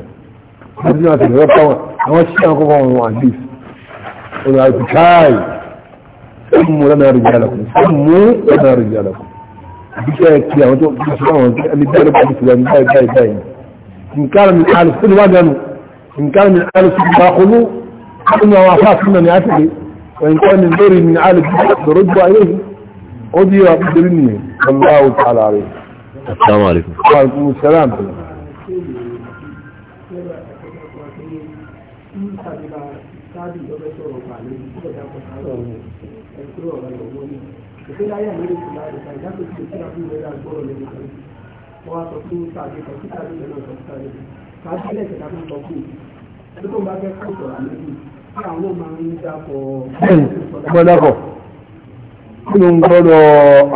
ẹ̀sìn àti ìrẹ́ pàwọn àwọn ṣíṣẹ́ àwọn kọ́kọ́ wọn àti ọ̀nà àti káàì sẹ́mù lẹ́nà àrìjà lẹ́kùn sẹ́mù lẹ́nà àrìjà lẹ́kùn àbíṣẹ́ kí àwọn tó kí ṣe àwọn ẹni bẹ́ẹ̀ lọ́pàá ti wọ́n báyìí báyìí báyìí nǹkan mi alùsùn wà dánù nǹkan mi alùsùn bá kúlú kánú àwọn afáàfin náà ni a ti lè وإن كان غير من عالم يرد عليه أضيع بدرني والله تعالى عليه السلام عليكم وعليكم السلام pé láyé àná lè fìlà rẹ̀ láì dákò sí ìṣúra fún ìrẹ́lẹ̀ àgbọ̀rọ̀ lẹ́nu kan wọ́n á sọ fún tàbí kan sí tàbí ìrẹ́lẹ̀ ọ̀sán tàbí tàbí lẹ́sẹ̀ tàbí sọ fún ìlú tó ń bá fẹ́ kó sọ̀rọ̀ àlejò kí àwọn máa ń dákọ̀ gbọ́dọ̀ kínú ń gbọ́dọ̀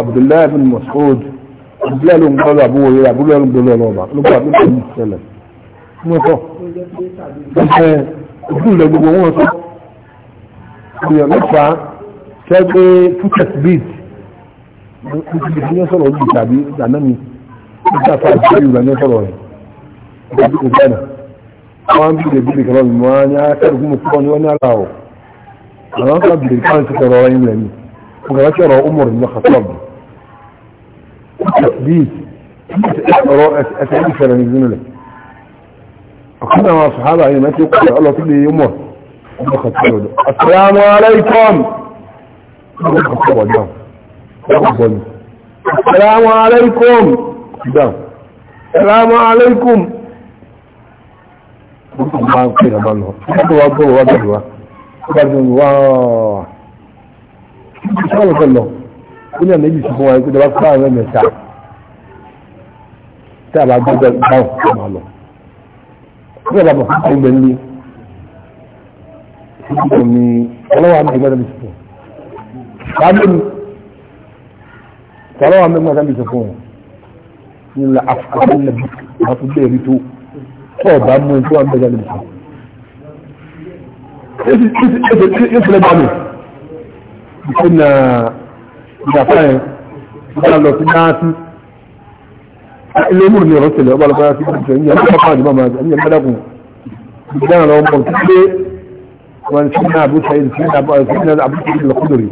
Abdullahi bin Mas'ud Abdullahi ń gbọ́dọ̀ Abu Hurairah Abdullahi ń gbọ́dọ̀ lọ́ba ló bá Abdullahi bin Sẹlẹ̀ mo sọ ẹ̀ ojú rẹ̀ gbogbo wọn sọ ìyẹn ló fà á ṣẹ́gbẹ́ two test beats ní sọ̀rọ̀ yìí tàbí ànámi nígbà tó àti ìlú rẹ̀ ní sọ̀rọ̀ rẹ̀ ìgbàdí kò gbẹ́nà wọ́n bí lè bílè kọ́lọ́ mi wọ́n á ní akẹ́rù ah, fún mi kúrò ní wọ́n ní ara ọ̀ àwọn kan bìlè kọ́lọ́ ti sọ̀rọ̀ ọ̀rọ̀ yìí rẹ̀ ni mo kàn láti ọ̀rọ̀ ọmọ rẹ̀ ní ọkà sọ̀rọ̀ bí ọ̀rọ̀ ẹsẹ̀ yìí fẹ̀rẹ̀ ní sínú rẹ̀ ọ̀kan náà wọn sọ̀hábà yìí mẹ́tí tó lè yé mọ̀ ọmọ kàn sọ̀rọ̀ ọgbọ̀nù ẹ̀lámọ́ aláìkùm ìdáhùn ẹ̀lámọ́ aláìkùm ọgbà ń pè nàbà lọ ọgbà wà gbọ́ wà bẹ̀rẹ̀ wà ọgbà ń wà ṣọ́ọ̀lù kọlọ̀ ó ní àmì ìsìnkú wa ikú dábàá fún àwọn ẹ̀mẹ̀ta tí a bá gbọ́dọ̀ dáhùn ọmọ lọ ó yẹ bàbá fún ọgbẹ̀ ní ọlọ́wà àmì ìgbàdàn ìsìnkú tọ́lọ́ wọn mẹ́gbọ́n sábì sọ fún wọn nílò àfikún nílò àwọn tó bẹ̀rẹ̀ rí tó tó ọ̀bá mú tó wọn bẹ̀rẹ̀ rí tó. yóò fi lẹ́gbàá mi ìfẹ́ na ìjàpá yẹn ìjọba lọ sí náàtú ilé mú ni ọ̀rọ̀ tẹ̀lé ọba lọ́ba sí ìjọ ìjọ ìjọba kan àjùmọ̀ máa ń yẹn mẹ́dàkùn ìjọba lọ́wọ́ mọ̀ tó gbé wọn sí náà àbúṣe ìlú sí náà àbúṣe ìlú lọ́kùnrin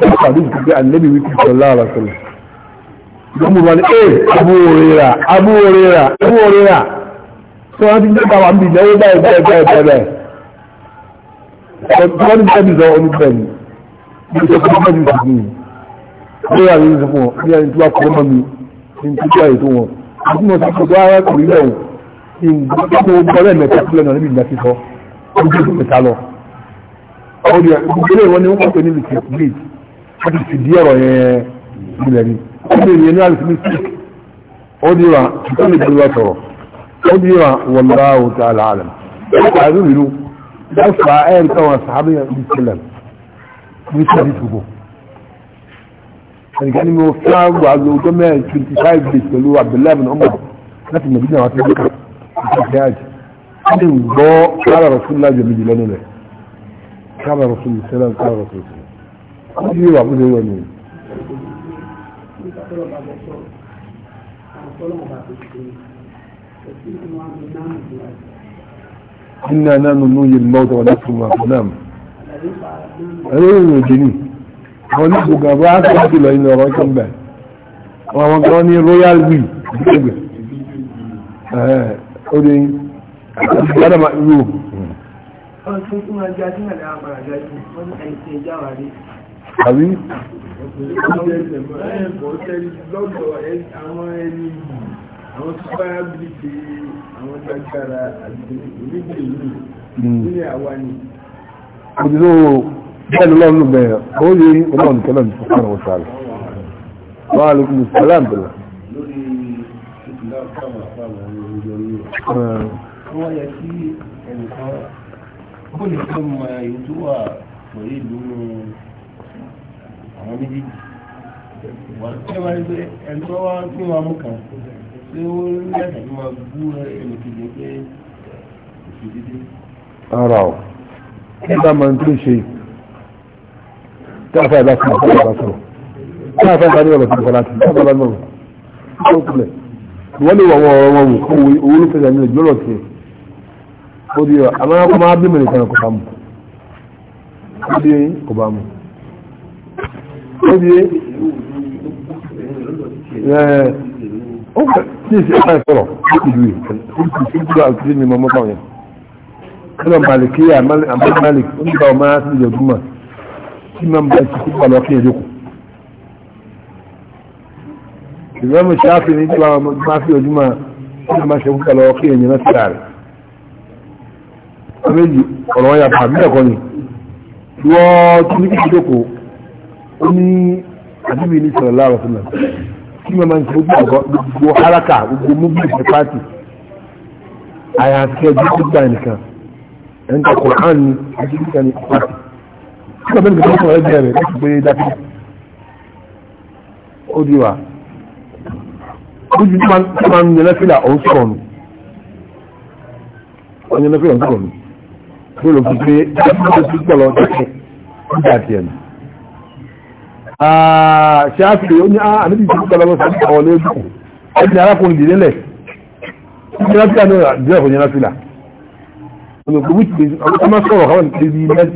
àdìsí pé àlẹ́bí wípé sọlá àrà sọlá ìgbọ́n mo bá ní ee abúrera Abu abúrera tí wọ́n ti ń dẹ́gbà wà ń bì lẹ́wọ́ báyìí bẹ́ẹ̀ bẹ́ẹ̀ bẹ́ẹ̀ ọ̀tún wọ́n ní bẹ́ẹ̀ bí sọ ọ́nú bẹ́ẹ̀ ni bí sọ fún bẹ́ẹ̀ bí sọ fún mi bí wà ní sọ fún wọn bí wà ní tí wà kọ́ mọ́ mi ní tí wà ètò wọn àti mo sọ fún tó ara kò rí lẹ́wọ̀n ìgbọ́n mo bọ́ lẹ́ẹ̀mẹ́ta sílẹ̀ náà níbi ìgbà sísọ ó dé ìgbà mẹ́ta lọ. ọ̀rọ̀ ìgbàlè wọn ni wọ́n kọ́ pé níbi kìí láti fìdí ọ̀rọ̀ yẹn ilẹ̀ ni ó lè yẹn ní alifimistiki ó di wa tó lè gbé wa sọ̀rọ̀ ó di wa wallahu ta'ala alam ó kà á lù ìlú ó fà á ẹ̀rí káwọn sàábì ní sílẹ̀ ní sàbí tùbù ẹnìkan ni mo fẹ́ àwọn àlọ́jọ́ mẹ́rin twenty five days pẹ̀lú abdullahi bin láti mẹ̀dínà wá sí ìdíkà ìdíkà ìdíkà أن قال رسول الله جميل لنا له قال رسول الله wọ́n ti wà fúnṣe wọ̀nyí. إنا نحن نحيي الموتى ونكتب ما تنام ẹlẹ́yìn òjò ni àwọn onígbògbà bá ápùlọ́tì lọ ilẹ̀ ọ̀rọ̀ tó ń bẹ̀ wọn àwọn kan ní royal will gbẹ̀gbẹ̀ ẹ̀ ó lè gbádà máa rú ọ̀tún fún ajá tí nàìjíríà àpàràjá yìí wọ́n ní ẹ̀sìn ìjáwà rí àbí. àwọn tó bá bí ti àwọn gbàgbára àti onígbèrè yìí nílé àwa ni. òdìdó bẹ́ẹ̀ ni lọ́nà bẹ̀rẹ̀ ó yẹ ọlọ́run kẹlẹ́ ní sọ́kàrà wọ́n sáré. wọ́n á lè kún sálàm bẹ̀rẹ̀. lórí ìpínlẹ̀ ọ̀kàwà àpamọ́ ní ọjọ́ yìí. wọ́n yẹ kí ẹnìkan kó lè fẹ́ mọ èyí tó wà pẹ̀lú ìlú àwọn méjèèjì ẹwà ní pé ẹni tó wá tí wọn mú kan tí ó lẹ́sà tó máa bú ẹni kejì pé òfin dídí. ara o nígbà máa ń tún ṣe tí a fẹ́ ẹ̀ bá sọ̀rọ̀ fún ọ̀rọ̀ sọ̀rọ̀ tí a fẹ́ ẹ̀ bá ní ọ̀rọ̀ fún ọ̀rọ̀ láti tí a fẹ́ bá ní ọ̀rọ̀ fún ọ̀rọ̀ wọ́n lè wọ̀ wọ̀ wọ̀ kó owó ló fẹ́ẹ́ nílẹ̀ jọ́lọ̀ tiẹ̀ ó di ọ̀ àmọ́ ọkọ̀ máa bí mẹ́rin kan kò bá mu ó bá mu ẹbí ẹ ó fẹ́ tí ìṣe ẹ̀ka ìsọ̀rọ̀ láti ìlú yìí tí ìṣe ìjọba àti ní ọmọ báwọn yẹn kọ́nà màlìkí àmọ́ màlìk ó ní bá ọmọ ara sílẹ̀ ọdúnmọ̀ tí máa ń bá ti kúpa lọ kí ẹjọ́ kù. ìgbà mi ṣáà fi ọ̀rọ̀ wọn yà ẹ̀kọ́ ni wọ́n tún ní kí ẹjọ́ ó ní àdúgbò ní sallallahu alaihi wasallam kí wọ́n máa ń ṣe gbogbo haraka gbogbo mobile ṣe pàtì àyàfi ẹjọ́ tó gbà nìkan ẹ̀ ń ta Qur'an ní ẹjọ́ tó gbà ní pàtì kí wọ́n bẹ́ẹ̀ nìkan tó sọ̀rọ̀ ẹgbẹ́ rẹ̀ láti gbé dákì ó di wa ojú tó máa ń yẹn lẹ́fílà ọ̀hún sọ̀rọ̀ nù ọ̀hún yẹn lẹ́fílà ọ̀hún sọ̀rọ̀ nù tó lọ fi pé dákì tó ti pọ̀ lọ dákì ó dà tiẹ̀ nù ṣáàfì ah, ó ní ah, àníbi ìṣẹ́ ìpínlẹ̀ lọ́sọ̀ àti àwọn olóògbé ẹni arákùnrin dìde lẹ̀ ìrìnàfíà ní ìdílé fún ìrìnàfíà olùkú wípé ọlọ́pàá máa sọ̀rọ̀ káwọn ti di ìrìnàfíà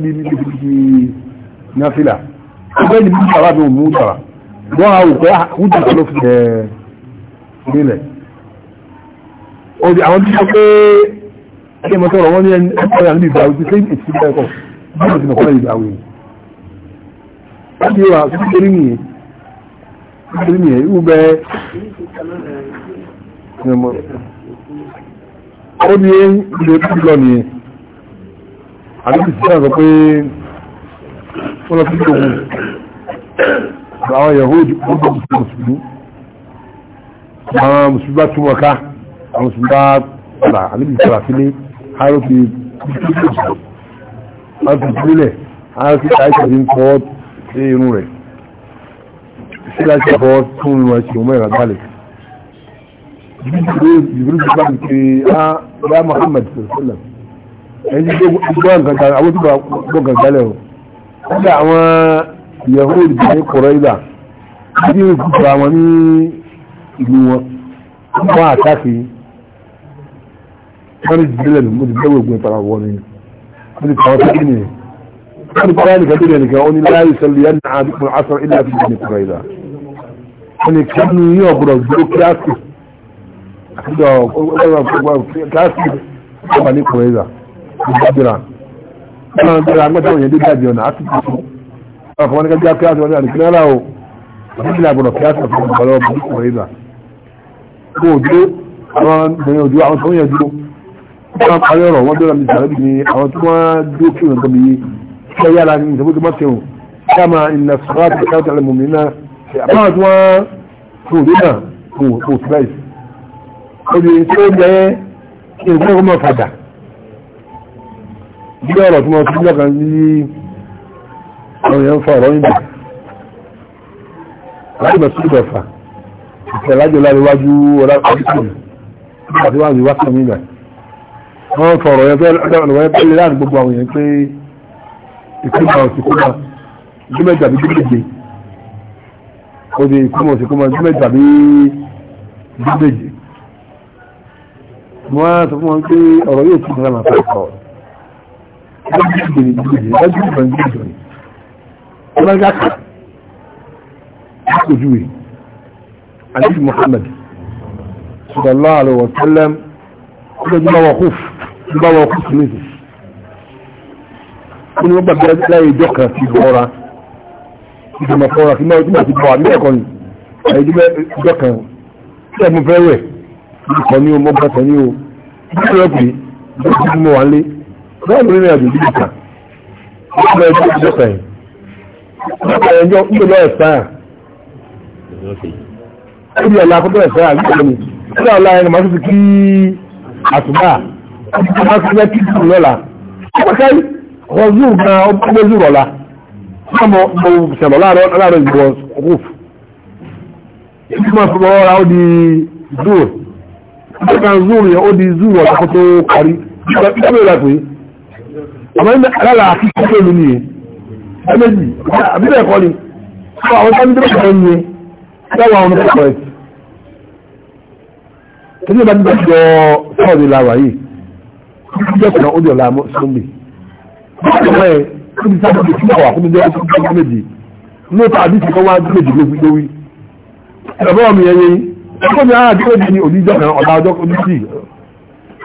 ọgbẹ́ ìdìbò ìṣàrà àti òmù ìṣàrà wọ́n á wùkọ́ wùdí ló fi ẹ̀ nílẹ̀ òdì àwọn tí wọ́n pé ẹni mọ́tọ́rọ̀ wọ́n ní ẹni ẹni ẹni ìgbà láti yóò wá kékeré nìyẹn kékeré nìyẹn irú bẹ́ẹ̀ ó ní ilé púpọ̀ nìyẹn àdébí sí àgbà pé ó lọ sí ìgbòho àwọn yahood ó bọ̀ sí mùsùlùmí àwọn mùsùlùmí bá túmọ̀ ká àwọn mùsùlùmí bá padà àdébí padà sílé àrò kúrò sí ìgbòho àti ìgbòho àti àìsàn ní ṣe irun rẹ̀ sí láti ọkọ̀ tún lu ẹ̀ṣẹ̀ òun mẹ́rin àgbálẹ̀ jìbìrì ti báyìí pé á bá Muhammad sọ̀rọ̀ ẹni tó gbọ́ nǹkan àwọn tó gbọ́ nǹkan jálẹ̀ o nígbà àwọn Yahudi ní kọ̀rọ̀ ìlà ní ìkùkù àwọn ní ìlú wọ́n àtàkì wọ́n ní mo ti bẹ́wò ìgbìn ni mo ti kàwọ́ sí kí nìyẹn wọ́n kọ́ láyé nìkan tó lè nìkan ó ní láyé sọlù yẹn náà àdúgbò asọ̀rọ̀ ilẹ̀ fi ní kúrò ìlà wọ́n ní kí ní yín ọ̀gbọ̀rọ̀ gbó kíláàsì àtijọ́ kíláàsì ọba ní kúrò ìlà ìgbàdìrà wọ́n gbẹ̀rẹ̀ agbẹ́ta òyìn dé dájọ́ náà àti kìí ọkọ̀ wọn ní kájá kíláàsì wọn ní àdìkínlá o àdìkínlá ọ̀gbọ̀rọ̀ kíláàsì ọ̀gbọ̀rọ̀ kúrò ìlà kó ojú àwọn obìnrin ojú àwọn sọ́yìn ojú wọ́n parí ọ̀rọ̀ wọ́n dọ́ra mi sàrẹ́bì ni àwọn tí wọ́n dókè wọn tó mi yé yára ní ìdàbójú mọ́tẹ̀wò kama ìnà sọ́láàtì káwọ́tà lè mùmí náà ṣe àbáwọn tí wọ́n kò rí náà kò kò síláì obìnrin tí ó jẹ́ ìgbẹ́ ọmọ fàdà bí ọ̀rọ̀ tí wọ́n fi lọ́kàn ní àwọn èèyàn fa ọ̀rọ̀ ìgbà láti bẹ̀ sódò ẹ̀fà ìtẹ̀lájọ láríwájú ọlá ọdún àti wájú wákàtí ìgbà wọ́n fọ̀rọ̀ yẹn pẹ́ láàrin gbogbo àwọn èèyàn pé ìkúmà òsìkúmà ìdúmẹ̀jọ àbí gbẹ̀gbẹ̀ òde ìkúmà òsìkúmà ìdúmẹ̀jọ àbí gbẹ̀gbẹ̀ mo á sọ fún wọn pé ọ̀rọ̀ yóò tún sára màá sọ gbẹ̀gbẹ̀ ni gbẹ̀gbẹ̀ lọ́jọ́ ìgbà ń gbẹ̀gbẹ̀ ni ó bá gá kà lápòjúwe alif muhammad sallallahu alaihi wa sallam ó lọ́jọ́ bá wà kúf ló bá wà kí ni wọ́n gbàgbé láyé ìjọ kan sí ìbọ̀ra ìgbìmọ̀ fọ́ra kí máa túmọ̀ sí bọ̀ àmì ẹ̀kọ́ ni àìdíbẹ̀ ìjọ kan tí ẹ̀mú fẹ́ rẹ̀ ìkọ̀ ní o mọ́gbàtà ní o bí wọ́n pè é bí wọ́n mọ̀ wá lé báwo ló ní àjò ìdíbìkà wọ́n mọ̀ ẹjọ́ ìjọ kan yìí wọ́n mọ̀ ẹjọ́ ń lọ ẹ̀sán à ẹ̀rí ọ̀la akọ́tọ̀ ẹ̀sán à yíyọ ni ẹ̀rí ọ̀la ẹ̀rọ màá tó ti kí àtúbà àti wọ́n zúù gan ọgbẹ́ zúù rọ̀lá mọ́ mọ́ sẹ̀lọ̀ láàárọ̀ ìgbọ̀ rúf ìdí máa fi mọ́ra ó di zúù ọgbẹ́ zúù yẹn ó di zúù rọ̀lá kó tó parí ìgbẹ́ ìlà pé àmọ́ ní alára àkíkọ́ tó lù nìyẹn ẹlẹ́jì àbílẹ̀ ẹ̀kọ́ ni àwọn tó ń dé bàtà ẹni yẹn lọ́wọ́ àwọn ọmọ ẹ̀kọ́ ẹ̀ báyìí wọ́n ẹ̀ ó ti sábà lè fún àwọn àkóńdé ọkọ̀ ọkọ̀ méje ní ó tàbí ti kọ́wá méje ló fi lówí ẹ̀rọ mi ẹ̀yẹ yìí ọkọ̀ mi ara àdúgbò di òní ìjọ kan ọ̀la ọjọ́ oníṣì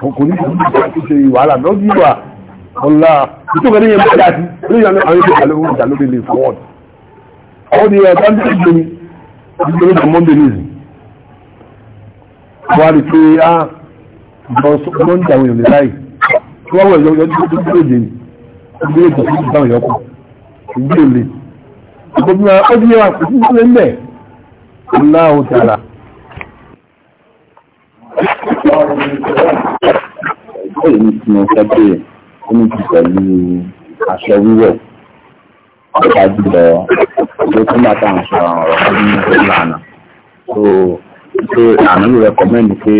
kò ní ṣe wàhálà náà kí wà ọ̀la ìtòkọ̀ ní yẹn ilé ìgbà tó dáhùn yọkù ìgbé òlè gbogbo ọ bí wà kò sí ìgbé ńlẹ̀ ọláhù tààrà. bẹ́ẹ̀ ni tí mo fẹ́ bẹ̀rẹ̀ ó ní ti pẹ̀lú aṣọ wíwọ̀ nípa jùlọ ló tún bá táwọn sọ ọ̀rọ̀ tó ní ìlànà tó ṣe àmì rẹ̀ kọ́mẹ́ǹdì pé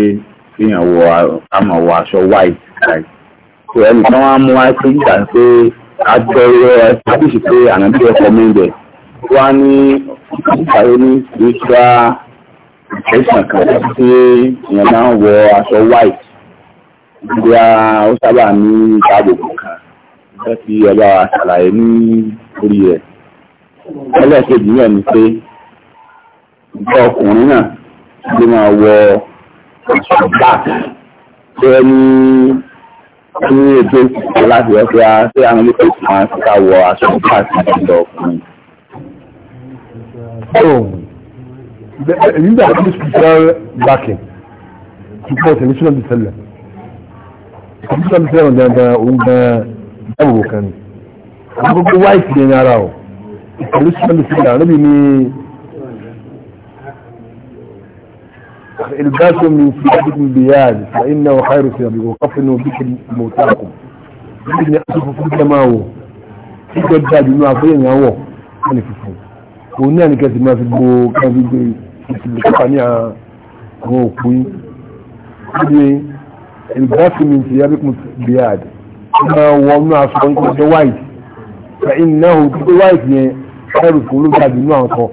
kéèyàn wọ àmọ̀ wọ aṣọ white so ẹnìkan wá mú wá sí ìgbà pé àjọyọ̀ establish pé ànábì ẹ̀kọ́ mẹ́ńdẹ̀ wá ní ìpàdé ní spiritual ìfẹsàn kan tí èèyàn máa ń wọ aṣọ white ìgbà ó sábà ní ìdáàbòbò kan ìfẹ́ tí ọba àṣàlàyé ní orí rẹ̀ ẹlẹ́ẹ̀kejì náà ni pé ìjọ ọkùnrin náà ló máa wọ aṣọ black tó ẹni ní ètò ìsìnkú láti ọ̀pẹ́ a tí àwọn olóòtú máa ń síta wọ aṣọ nípa àti ìjọ ọkùnrin. èyí dà bí spiritual backing nípa ọ̀tẹ̀lẹ̀ sílẹ̀ ìṣẹ̀lẹ̀ ìṣẹ̀lẹ̀ ìṣẹ̀lẹ̀ ìṣẹ̀lẹ̀ dandan òun gan dábòbò kan ni. àgbègbè wáìtì ní ara ò ìṣẹ̀lẹ̀ ìṣẹ̀lẹ̀ ìṣẹ̀lẹ̀ àrẹ́bí ni فإلباسوا من ثيابكم بياد فإنه خير ثيابكم وقفنوا بك موتاكم بإذن أسف في الدماء في قداد ما فين هو أنا في فوق وهنا كانت ما في البو كان في القطانية هو كوي إلباسوا من ثيابكم بياد ما وما أصبحت وايت فإنه وايت خير ثيابكم بياد ما هو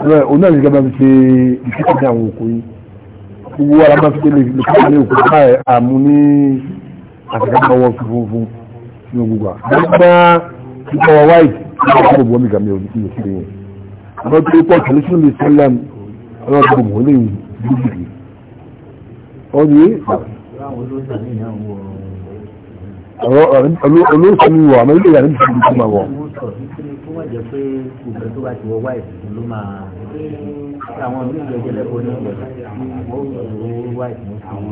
òun náà nìkan máa fi ṣe ìṣẹ́kọ̀ọ́ ní àwọn òkú yìí gbogbo ara máa fi ṣe lè fi lè ní òkú ká àmú ní àtàkàtà ọwọ́ funfun ní gbogbo à. nígbà ìkọ̀ wa wáyé ní ọjọ́ ìbọn mi gàmí òní ìyè sí yẹn. àwọn tó pọ̀ tẹ̀lé sínú lè sẹ́lẹ̀ ọlọ́run tó mọ̀ lè wù jìbìtì. wọ́n ní olóòsàn ni wọ̀ àmọ́ ilé ìyá ní ìṣẹ́jú tó máa wọ̀ kọ́ pé ìgbà tó bá ti wọ wáì ló máa àwọn ìlú ìjọba ẹlẹ́kọ̀ọ́ ní ìjọba wọ́n sọ owó wáì fún fún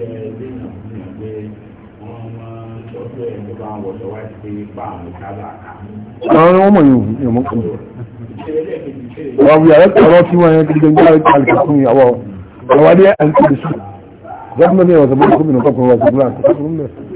ìgbé wọn máa ń tọ́jú ẹ̀ ló bá ń wọ̀ṣọ wáì sí pa àwọn kábà ká. àwọn ọmọ yòówù yòówù àwọn ọ̀rọ̀ tí wọ́n yẹn kí gbẹ́ngbẹ́ àwọn ìkàlùkà fún ìyàwó àwọn adé àti